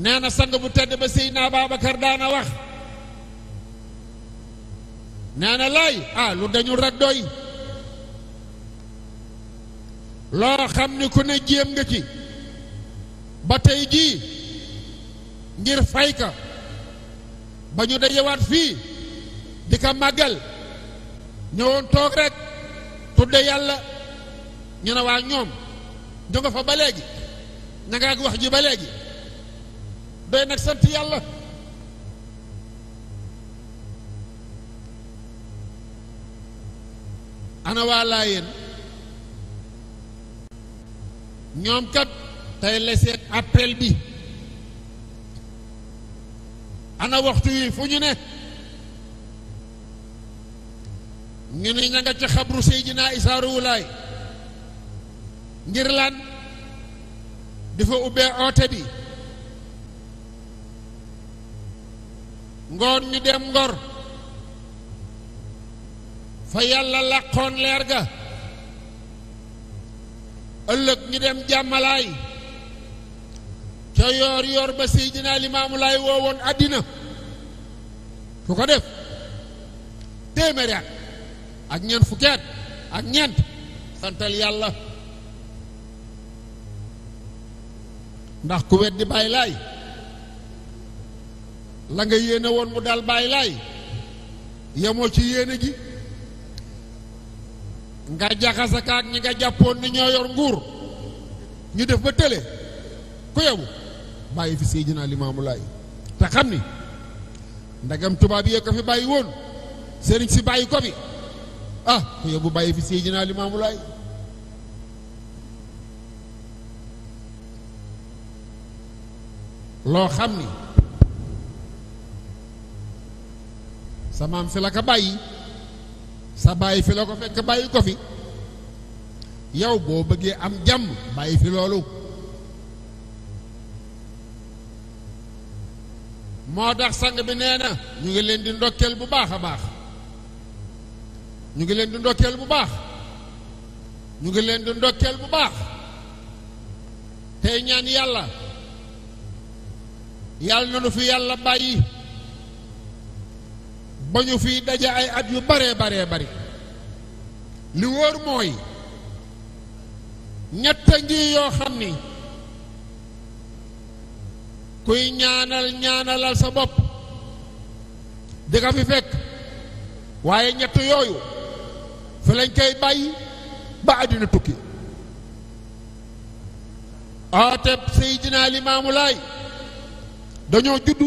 nee na sang bu tedd ba Seydina Babacar daana wax nee na laay ah lu dañul rek doy loo xam ni ku ne jéem nga ci ba tey jii ngir fay ka ba ñu dajewaat fii di ko màggal ñëwoon toog rek tudde yàlla ñu ne waa ñoom ñu nga fa ba léegi ña nga ak wax ji ba léegi doy nag sant yàlla ana waa laayeen ñoom kat tey leseet appel bi ana waxtu yi fu ñu ne ñu ne ña ci xabru Seydina Isaa Ruuhu ngir lan di fa ubbee oote bi ngoon ñu dem Ngor fa yàlla làqoon leer ga ëllëg ñu dem jàmmalaay ca yoor yoor ba Seydina Limaamu Laay woowoon àddina ku ko def téeméeri at ak ñeent fukki ak ñeent santal yàlla ndax ku weddi bàyyi laay la nga yéene woon mu dal bàyyi laay yemoo ci yéene ji nga jaxasaka ak ñi nga jàppoon ni ñoo yor nguur ñu def ba tële ku yobu bàyyi fi Seydina Limaamu Laay te xam ni ndagam tubaab yee ko fi bàyyi woon sëriñ si bàyyi ko fi ah ku yobu bàyyi fi Seydina Limaamu Laay loo xam ni samaam fi la ko bàyyi sa bàyyi fi la ko fekk bàyyi ko fi yow boo bëggee am jàmm bàyyi fi loolu moo tax sang bi nee na ñu ngi leen di ndokkeel bu baax a baax ñu ngi leen di ndokkeel bu baax ñu leen di bu baax tey ñaan yàlla yàlla na nu fi yàlla bàyyi ba ñu fiy daje ay at yu baree baree bari li wóor mooy ñett ngi yoo xam ni kuy ñaanal ñaanalal sa bopp di nga fi fekk waaye ñett yooyu fi lañ koy bàyyi ba àddina tukki aateb Seydina Limaamu Laay dañoo juddu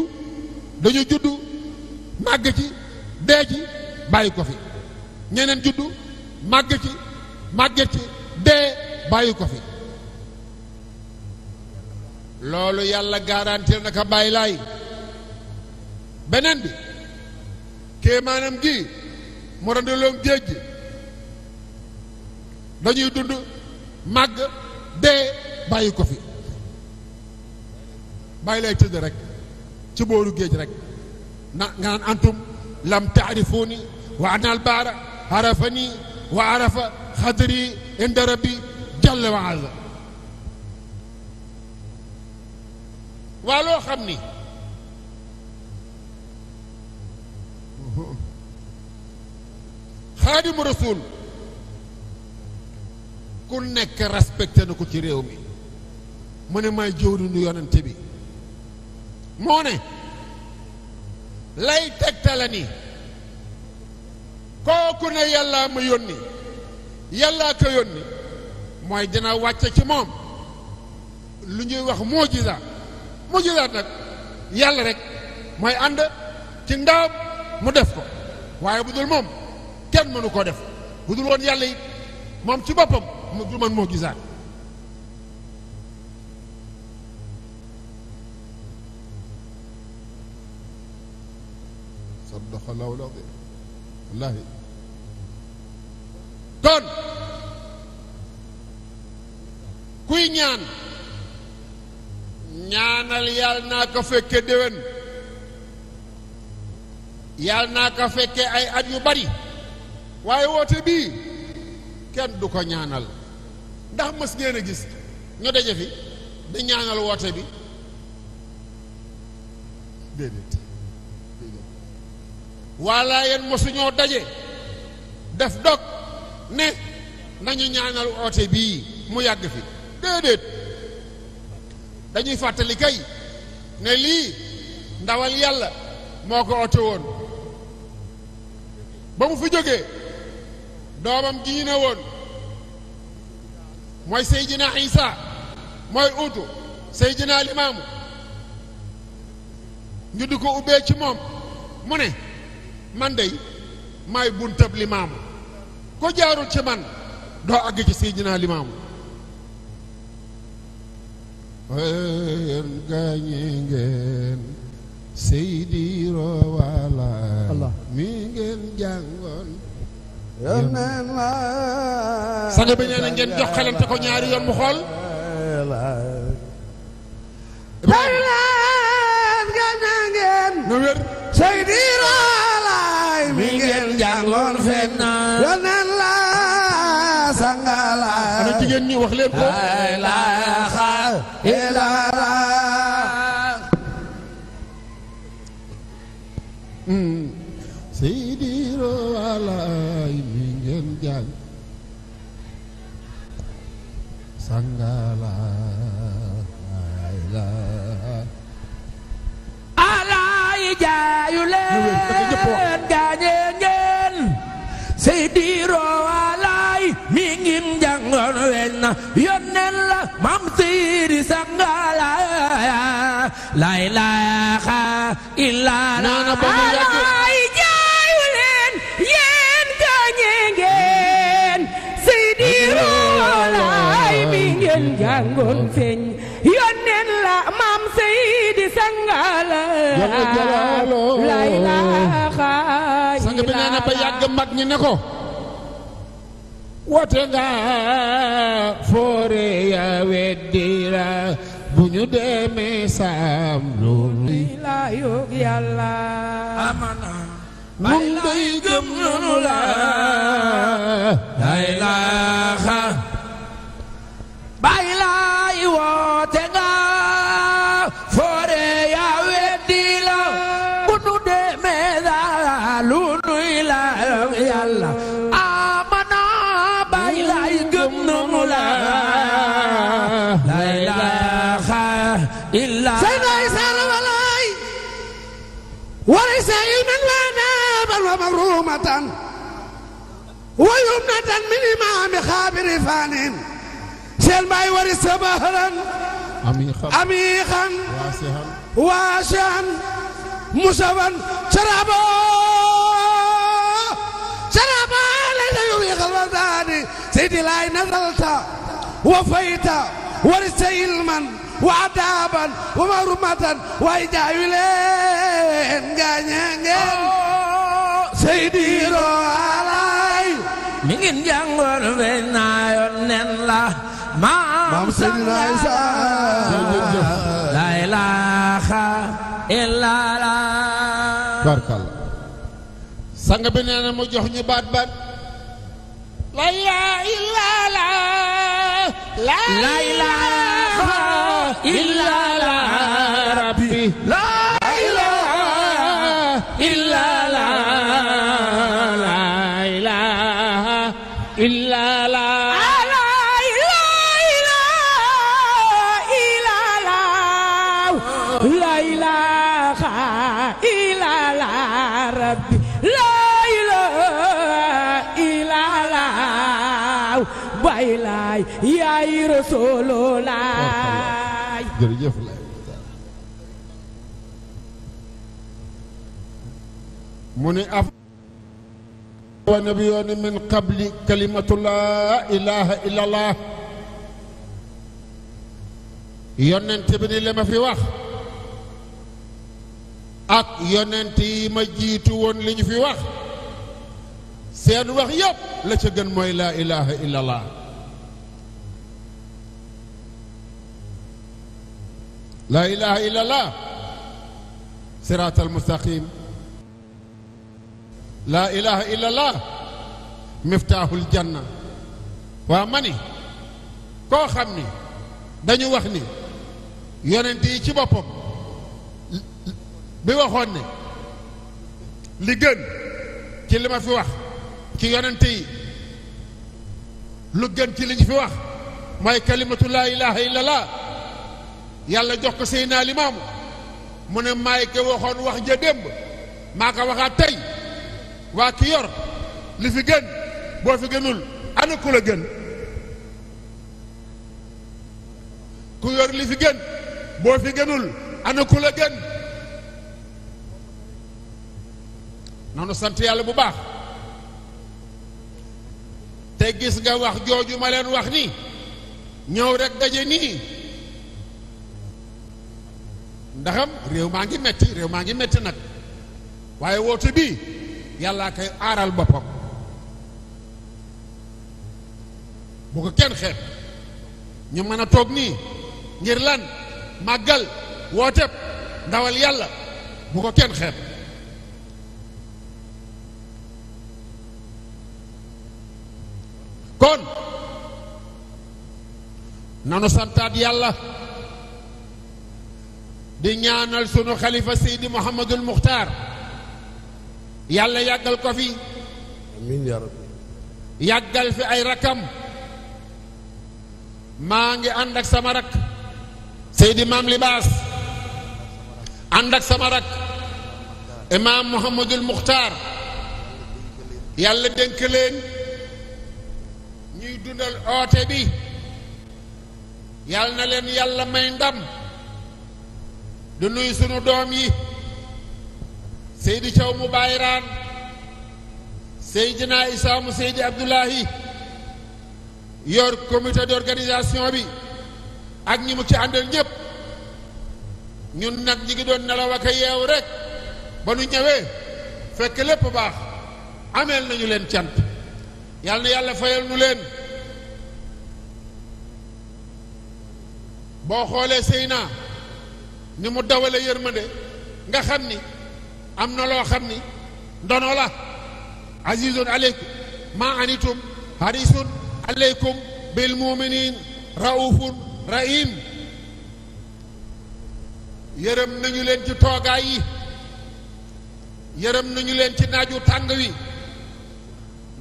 dañu juddu màgg ci dee ci bàyyi ko fi ñeneen juddu màgg ci màgget ci dee bàyyi ko fi loolu yàlla garantir naka bàyyi lay beneen bi kéemaanam gi mu randaloon géej gi dañuy dund màgg dee bàyyi ko fi bàyyi lay tëdd rek ci booru géej rek na nga naan antum lam taarifuuni wa ana albaara arafani wa arafa xadri inda rabbi jalla wa azza waa loo xam ni xaadimu rasul ku nekk respecté na ko ci réew mi mu ne may jëwriñu yonente bi moo ne lay tegtale ni kooku ne yàllaa ma yónni yàllaa ko yónni mooy dina wàcce ci moom lu ñuy wax mujiza mujiza nag yàlla rek mooy ànd ci ndawam mu def ko waaye bu dul moom kenn mënu koo def bu dul woon yàlla moom ci boppam mu du mën mujiza sadaqa kon kuy ñaan ñaanal yàlla naa ko fekke déwén yàlla naa ko fekke ay at yu bari waaye woote bii kenn du ko ñaanal ndax mës ngeen gis ñu daje fi di ñaanal woote bi walla yéen mosuñoo daje def dog ne nañu ñaanal oote bii mu yàgg fi déedéet dañuy fàttali kay ne lii ndawal yàlla moo ko oote woon ba mu fi jógee doomam diine woon mooy Seydina Isa mooy uutu Seydina Limaamu ñu di ko ubbee ci moom mu ne man dey maay buntab limaamu ko jaarul ci man doo àgg ci Seydina Limaamu yéen gaañee ngeen Seydi Rowaala mi ngeen jàngoon yónneen sanga bi nee ngeen jox xelante ko ñaari yoon mu xool yéen gaañee ngeen nu wér góor feeg naa yoneen la sangala ana jigéen ñi wax leen ko la xaar ilaara hmm. seydi roalaay mi ngeen jàng sangala la alaay jaayu leen diiroo waalaay mi ngi jàngoon weñ na yónneen la mam siiri sangala la ilaha illa alaay jaayu leen yéen gaañe ngeen si diiroo waalaay mi ngeen jàngoon feeñ yónneen la mam siiri sangala la sang bi nee na ba yàgg mag ñi ne ko woote nga foore ya weddira bu ñu demee saam la yoog yàlla amana mun day gëm nanu la lay laaxa xayran min imaami xaabiri faanin seen baay wari samaharan amiixan waasihan musawan saraba saraba laysa yuriixal wardaani seydi laay nazalta wa fayta warista ilman wa adaaban wa marumatan waaye jaayu leen gaaña ngeen seydi roo ngin la ilaaha illallah barkalla sang bi nee na mu jox la ilaaha illallah rabbi Rasulullah jërëjëf la mu ni af wa nabiyoon min qabli kalimatu laa ilaaha illallah yonent bi ni li ma fi wax ak yonent yi ma jiitu woon li ñu fi wax seen wax yépp la ca gën mooy laa ilaaha illallah laa ilaha illa allah siraat almustaqim laa ilaha illa allah miftaaxul waa ma ni koo xam ni dañu wax ni yonent yi ci boppam bi waxoon ne li gën ci li ma fi wax ci yonent yi lu gën ci li ñu fi wax mooy kalimatu laa ilaha illa yàlla jox ko Seydina Limaamu mu ne maay ke waxoon wax ja démb maa ko waxaat tey waa ki yor li fi gën boo fi gënul ana ku la gën ku gënul ana ku la noonu sant yàlla bu baax te gis nga wax jooju ma leen wax ni ñëw rek daje nii ndaxam réew maa ngi metti réew maa ngi metti nag waaye woote bii yàllaa koy aaral boppam bu ko kenn xeeb ñu mën a toog nii ngir lan màggal woote ndawal yàlla bu ko kenn xeeb kon nanu santaat yàlla di ñaanal sunu xalifa Seydi Mouhamadul Muxtaar yàlla yàggal ko fi amiin yàggal fi ay rakam maa ngi ànd ak sama rak Seydi Maam Libaas ànd ak sama rak imaam Muxtaar yàlla dénk leen ñuy dundal oote bi yàlla na leen yàlla may ndam du nuyu sunu doom yi Seydi Thiaw mu Bayraan Seydina Issa mu Seydi Abdoulahi yor comité d'organisation bi ak ñi mu ci àndal ñëpp ñun nag ñi ngi doon nelaw ak yeew rek ba nu ñëwee fekk lépp baax ameel nañu leen cant yàlla na yàlla fayal nu leen boo xoolee Seyna ni mu dawale yërmande nga xam ni am na loo xam ni ndono la azizun aleykum ma anitum harisun aleykum bil muminin raufun rahim yërëm nañu leen ci toogaay yi yërëm nañu leen ci naaju tàng wi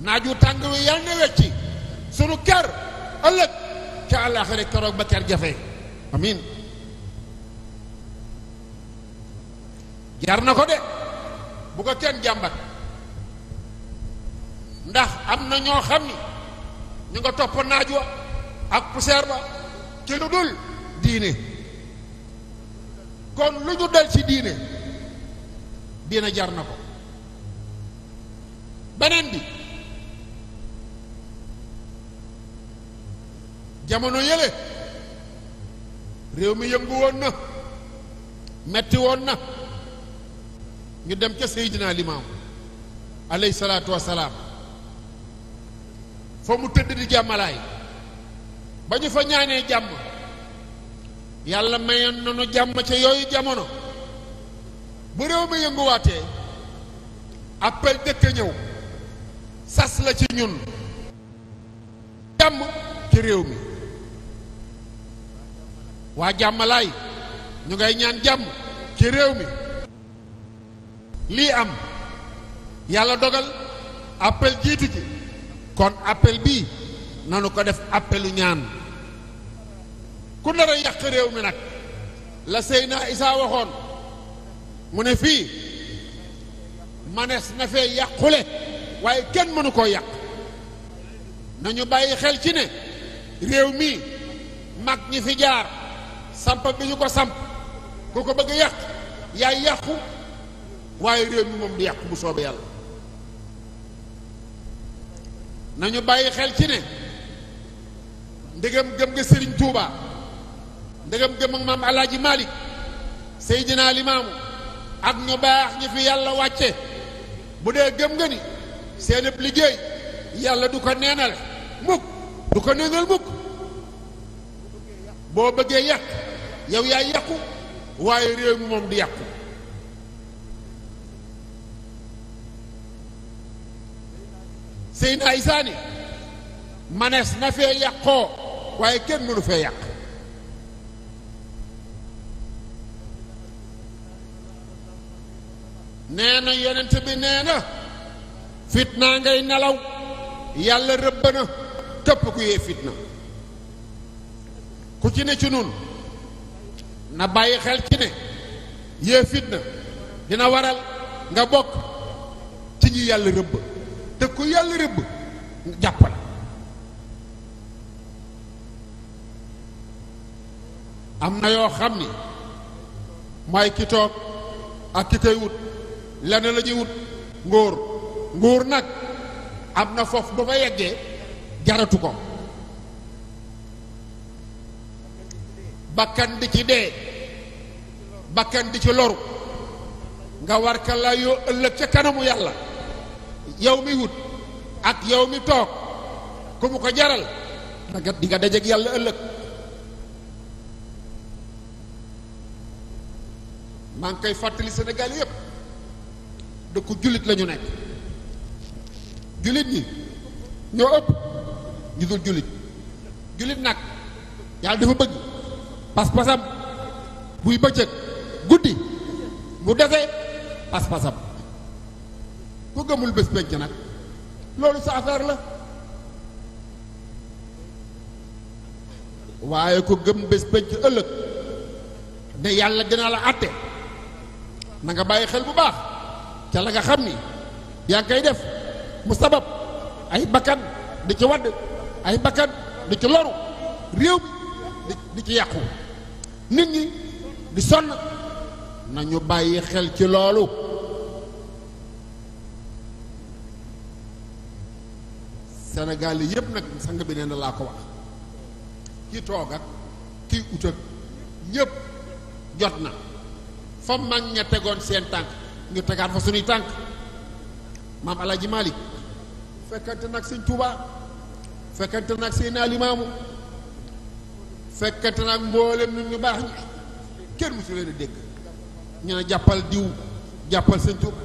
naaju tàng wi yal na wecci sunu kër ëllëg ca àllaaxira keroog ba kër jafe amin jar na ko de bu ko kenn jàmbat ndax am na ñoo xam ni ñu nga topp naaj wa ak poussière ba ci lu dul diine kon lu ñu dal ci diine diine jar na ko beneen bi jamono yële réew mi yëngu woon na metti woon na ñu dem ca Seydina Limaamu aley salaatu wasalaam fa mu tëdd di jàmmalaay ba ñu fa ñaanee jàmm yàlla may nanu jàmm ca yooyu jamono bu réew mi yënguwaatee appel dëkk ñëw sas la ci ñun jàmm ci réew mi waa jàmmalaay ñu ngay ñaan jàmm ci réew mi lii am yàlla dogal appel jiitu ji kon appel bii nanu ko def appelu ñaan ku nar a yàq réew mi nag la Seydina Isaa waxoon mu ne fii manees na fee yàqule waaye kenn mënu koo yàq nañu bàyyi xel ci ne réew mii mag ñi fi jaar samp bi ñu ko samp ku ko bëgg yàq yaay yàqu waaye réew mi moom du yàqu bu soobee yàlla nañu bàyyi xel ci ne ndegam gëm nga Serigne Touba ndegam gëm ak maam Alaaji Malick Seydina Limaamu ak ñu baax ñi fi yàlla wàcce bu dee gëm nga ni seen ëpp liggéey yàlla du ko neenal mukk du ko neenal mukk boo bëggee yàq yow yaay yàqu waaye réew mi moom du yàqu Seydina Isaa ni manees na fee yàqoo waaye kenn mënu fee yàq nee na yonent bi nee na fitna ngay nelaw yàlla rëbb na képp ku yee fitna ku ci ne ci nun na bàyyi xel ci ne yee fitna dina waral nga bokk ci ñi yàlla rëbb te ku yàlla rëbb jàpp am na yoo xam ni mooy ki toog ak ki koy wut lene la ñuy wut nguur nguur nag am na foofu ba fa yeggee jaratu ko bakkan di ci dee bakkan di ci loru nga war ka la yoo ëllëg ca kanamu yàlla yow mi wut ak yow mi toog ku mu ko jaral naka di nga dajeek yàlla ëllëg maa ngi koy fàttali Sénégal yépp dëkku jullit la ñu nekk jullit ñi ñoo ëpp ñu jullit jullit nag yàlla dafa bëgg pas-pasam buy bëccëg guddi mu dese pas-pasam ku gëmul bés penc nag loolu sa affaire la waaye ko gëm bés penc ëllëg ne yàlla dina la àtte na nga bàyyi xel bu baax ca la nga xam ni yaa ngi koy def mu sabab ay bakkan di ci wadd ay bakkan di ci loru réew bi di ci yàqu nit ñi di sonn nañu bàyyi xel ci loolu Sénégal yëpp nag sang bi nee na laa ko wax ki toog ak ki ut jot na fa mag ña tegoon seen tànk ñu tegaat fa suñuy tànk maam El Hadj Malick fekkante nag sëñ Touba fekkante nag seen alimaamu fekkante nag mboolem ñun ñu baax ñi kenn musu leen a dégg ñu ne jàppal diw jàppal sëñ Touba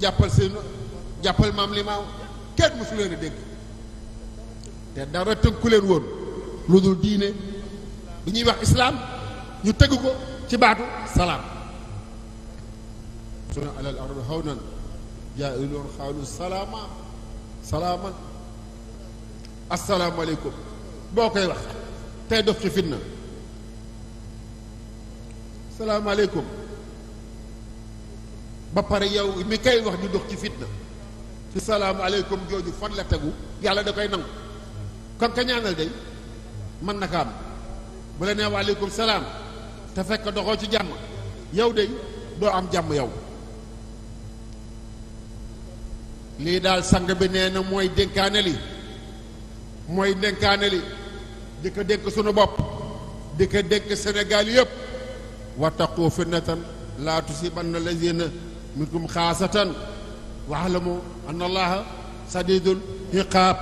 jàppal seen jàppal maam limaamu kenn musu leen a dégg. te dara tënku leen woon lu dul diine bu ñuy wax islaam ñu tëgg ko ci baatu salaam suna alal ard hawnan jaa'iluun xaalu salaama salaaman asalaamaaleykum boo koy wax tey dox ci fitna salaamaaleykum ba pare yow mi wax di dox ci fitna ci salaamaaleykum jooju fan la tegu yàlla da koy nangu kon ka ñaanal day mën na ko am bu la nee waaleykum salaam te fekk doxoo ci jàmm yow day doo am jàmm yow lii daal sang bi nee na mooy dénkaane li mooy dénkaane li di ko dénk sunu bopp di ko dénk Sénégal yëpp wattaqu fitnatan laa tusibanna lazina minkum xaasatan wa'lamu anna allaha sadidul iqaab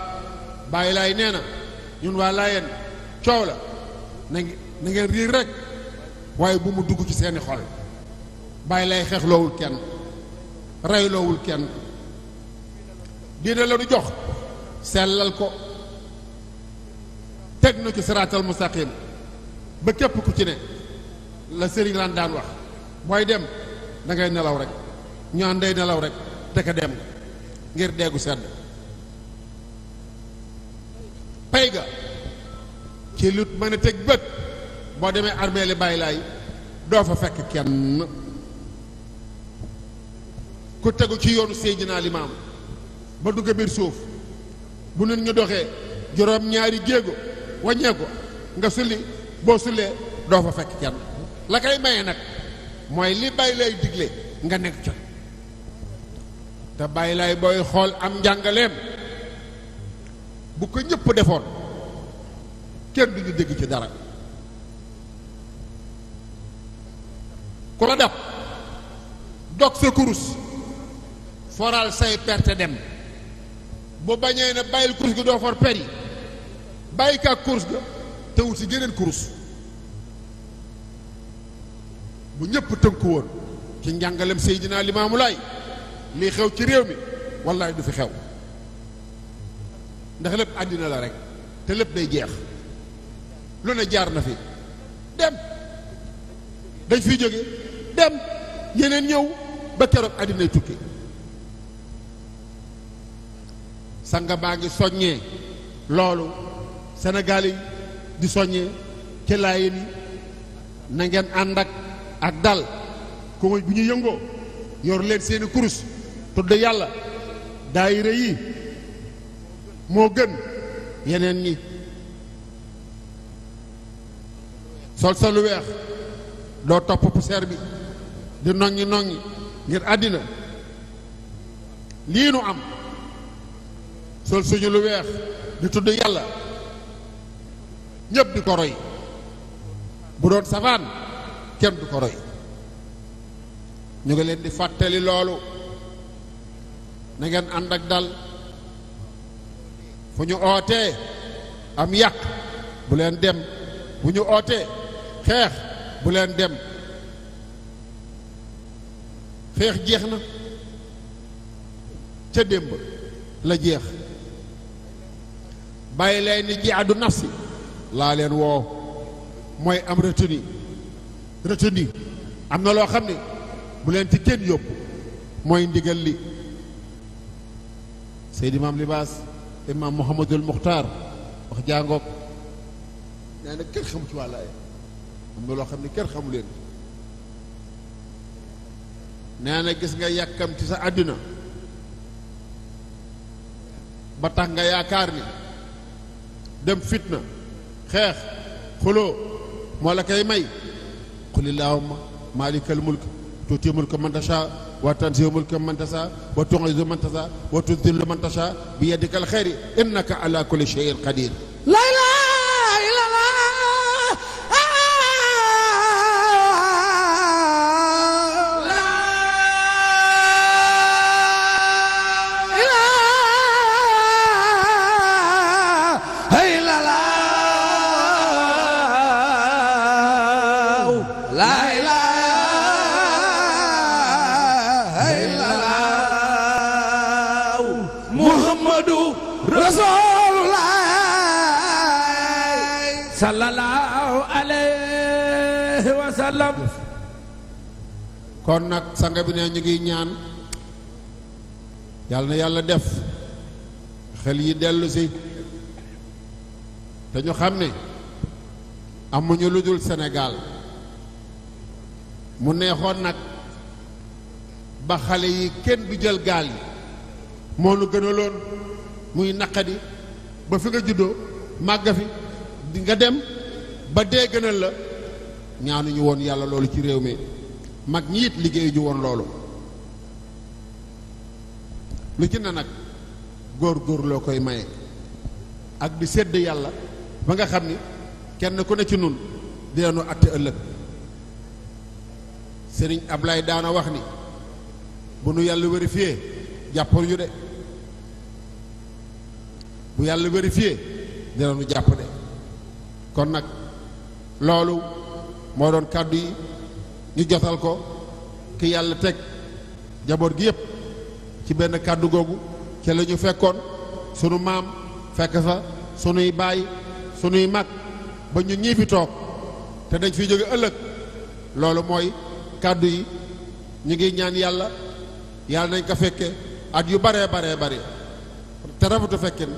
bàyyi lay nee na ñun waa laayeen coow la na na ngeen riir rek waaye bu mu dugg ci seeni xol bàyyi lay xeexloowul kenn reyloowul kenn diine la du jox sellal ko teg na ci siraatal mustaqim ba képp ku ci ne la sëriñ lan daan wax booy dem da ngay nelaw rek ñaan day nelaw rek te ka dem ngir déggu sedd pay ga ci lut mën a teg bët boo demee armeeli bàyyi laay doo fa fekk kenn ku tegu ci yoonu Seydina Limaam ba dugg biir suuf bu nit ñu doxee juróom ñaari jéego wàññee nga sulli boo sullee doo fa fekk kenn la koy maye nag mooy li bàyyi digle nga nekk ca te bàyyi lay booy xool am njàngaleem bu ko ñëpp defoon kenn duñu dégg ci dara ku la dab dog sa kurus foral say perte dem bu bañee ne bàyyil kurus gi doo for per yi bàyyi kaak kurus ga te wut si kurus bu ñëpp tënku woon ci njàngalem Seydina Limaamu Laay lii xew ci réew mi wallaay du fi xew ndax lépp àddina la rek te lépp day jeex lu ne jaar na fi dem dañ fiy jóge dem yeneen ñëw ba keroog àddinay tukki sanga baa ngi soññee loolu Sénégal di soññee ci laay ni na ngeen ànd ak dal ko bi ñu yëngoo yor leen seeni kurus tudd yàlla daayira yi moo gën yeneen ñi sol sa lu weex doo topp poussière bi di noŋñi noŋñi ngir àddina lii nu am sol suñu lu weex di tudd yàlla ñépp di ko roy bu doon safaan kenn du ko roy ñu ngi leen di fàttali loolu na ngeen ànd ak dal fu ñu ootee am yàq bu leen dem fu ñu ootee xeex bu leen dem xeex jeex na ca démb la jeex bàyyi lay ni jaadu nafsi laa leen woo mooy am retenu retenu am na loo xam ne bu leen ci kenn yóbbu mooy ndigal li Seydi Maam Libaas imaam Mouhamadul Muxtaar wax jàngoog nee na kenn xamu ci wàll am na loo xam ne kenn xamu leen nee na gis nga yàkkam ci sa àddina ba tax nga yaakaar ni dem fitna xeex xuloo moo la koy may qul maalikal mulk tuuti mulka man tashaa wa tanzi'u mulka man tashaa wa tu'izzu man tashaa wa tudhillu man tashaa bi yadikal khayri innaka ala kulli shay'in qadir kon nag sanga bi ne ñu ngi ñaan yàlla na yàlla def xel yi dellusi si te ñu xam ne amuñu lu dul senegaal mu neexoon nag ba xale yi kenn bi jël gaal yi moo nu gënaloon muy naqadi ba fi nga juddoo màgg fi nga dem ba dee gënal la ñu woon yàlla loolu ci réew mi mag ñi it liggéey ju woon loolu lu ci ne nag góor góor koy maye ak di sédd yàlla ba nga xam ni kenn ku ne ci nun dinañu àtte ëllëg sëriñ Ablaay daana wax ni bu nu yàlla vérifié jàppal yu de bu yàlla vérifié dinañu jàpp de kon nag loolu moo doon kàddu yi ñu jotal ko ki yàlla teg jaboot gi yëpp ci benn kàddu googu ca la fekkoon sunu maam fekk fa sunuy baay sunuy mag ba ñu ñii toog te dañ fi jóge ëllëg loolu mooy kàddu yi ñu ngi ñaan yàlla yàlla nañ ko fekke at yu baree baree bare te rafetu fekken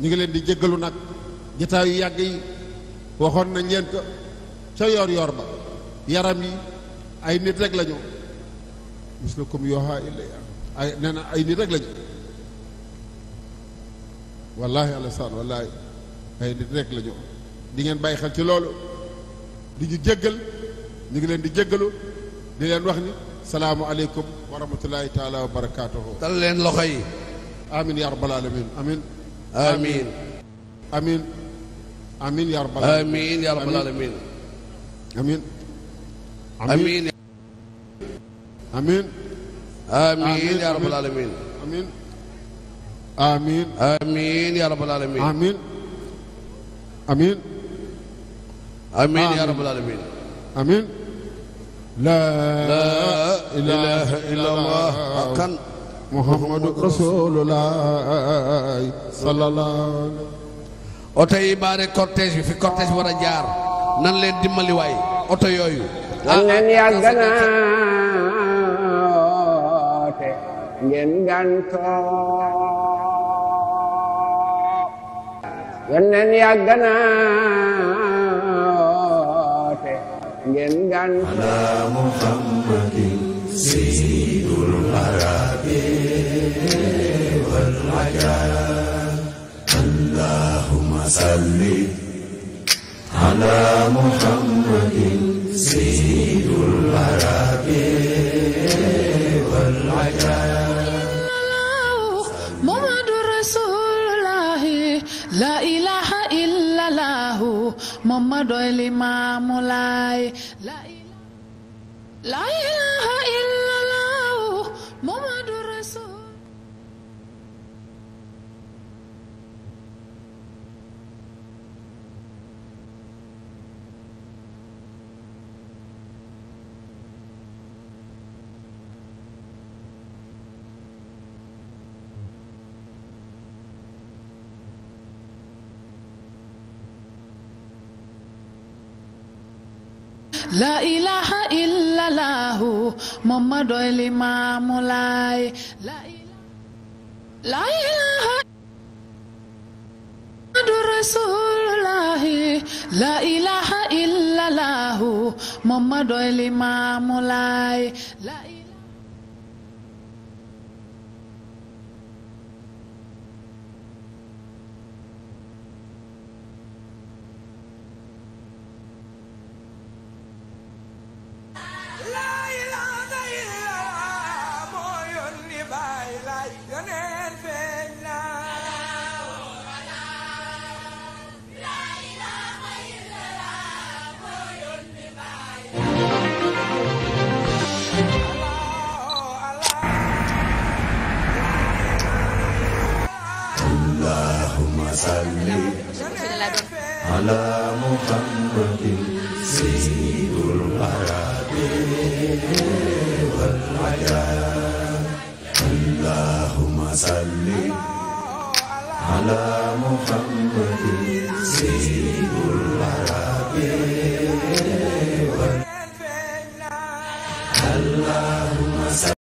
ñu ngi leen di jéggalu nag jataayu yàgg yi waxoon nañ leen ko ca yoor yoor ba yaram yi ay nit rek lañu mislukum yooxaa illaya ay nee na ay nit rek lañu wallaahi alasaan wallaahi ay nit rek lañu di ngeen bàyyi xel ci loolu di ñu jéggal ñu ngi leen di jéggalu di leen wax ni salaamualeykum wa rahmatullahi taala wa barakaatuhu. tal leen loxo yi. amin yaa rabbal alamin amin. amin. amin. amiin amiin amiin yaa rabbal aalamiin amiin amiin amiin yaa rabbal aalamiin amiin amiin amiin yaa rabbal aalamiin amiin laa ilaaha illallaah kan muhammadu rasuulullaah sallallaahu alayhi oto yi baare cortège bi fi cortège war a jaar nan leen dimbali waay oto yooyu am nen yàgg na te ngeen gantoo yoon nen yàgg na te ngeen gantoo ala muhammadin sayyidul arabi wal ajab allahumma salli ala muhammadin سيد العرب والعجاب محمد رسول الله لا إله إلا الله محمد الإمام لا إله la ilaha illallahu Muhammadu Limaamu Laay la ilaha Muhammadu Rasulullahi la ilaha illallahu Muhammadu Limaamu Laay على محمد سيد العرب والعجاب اللهم صل على محمد سيد العرب والعجاب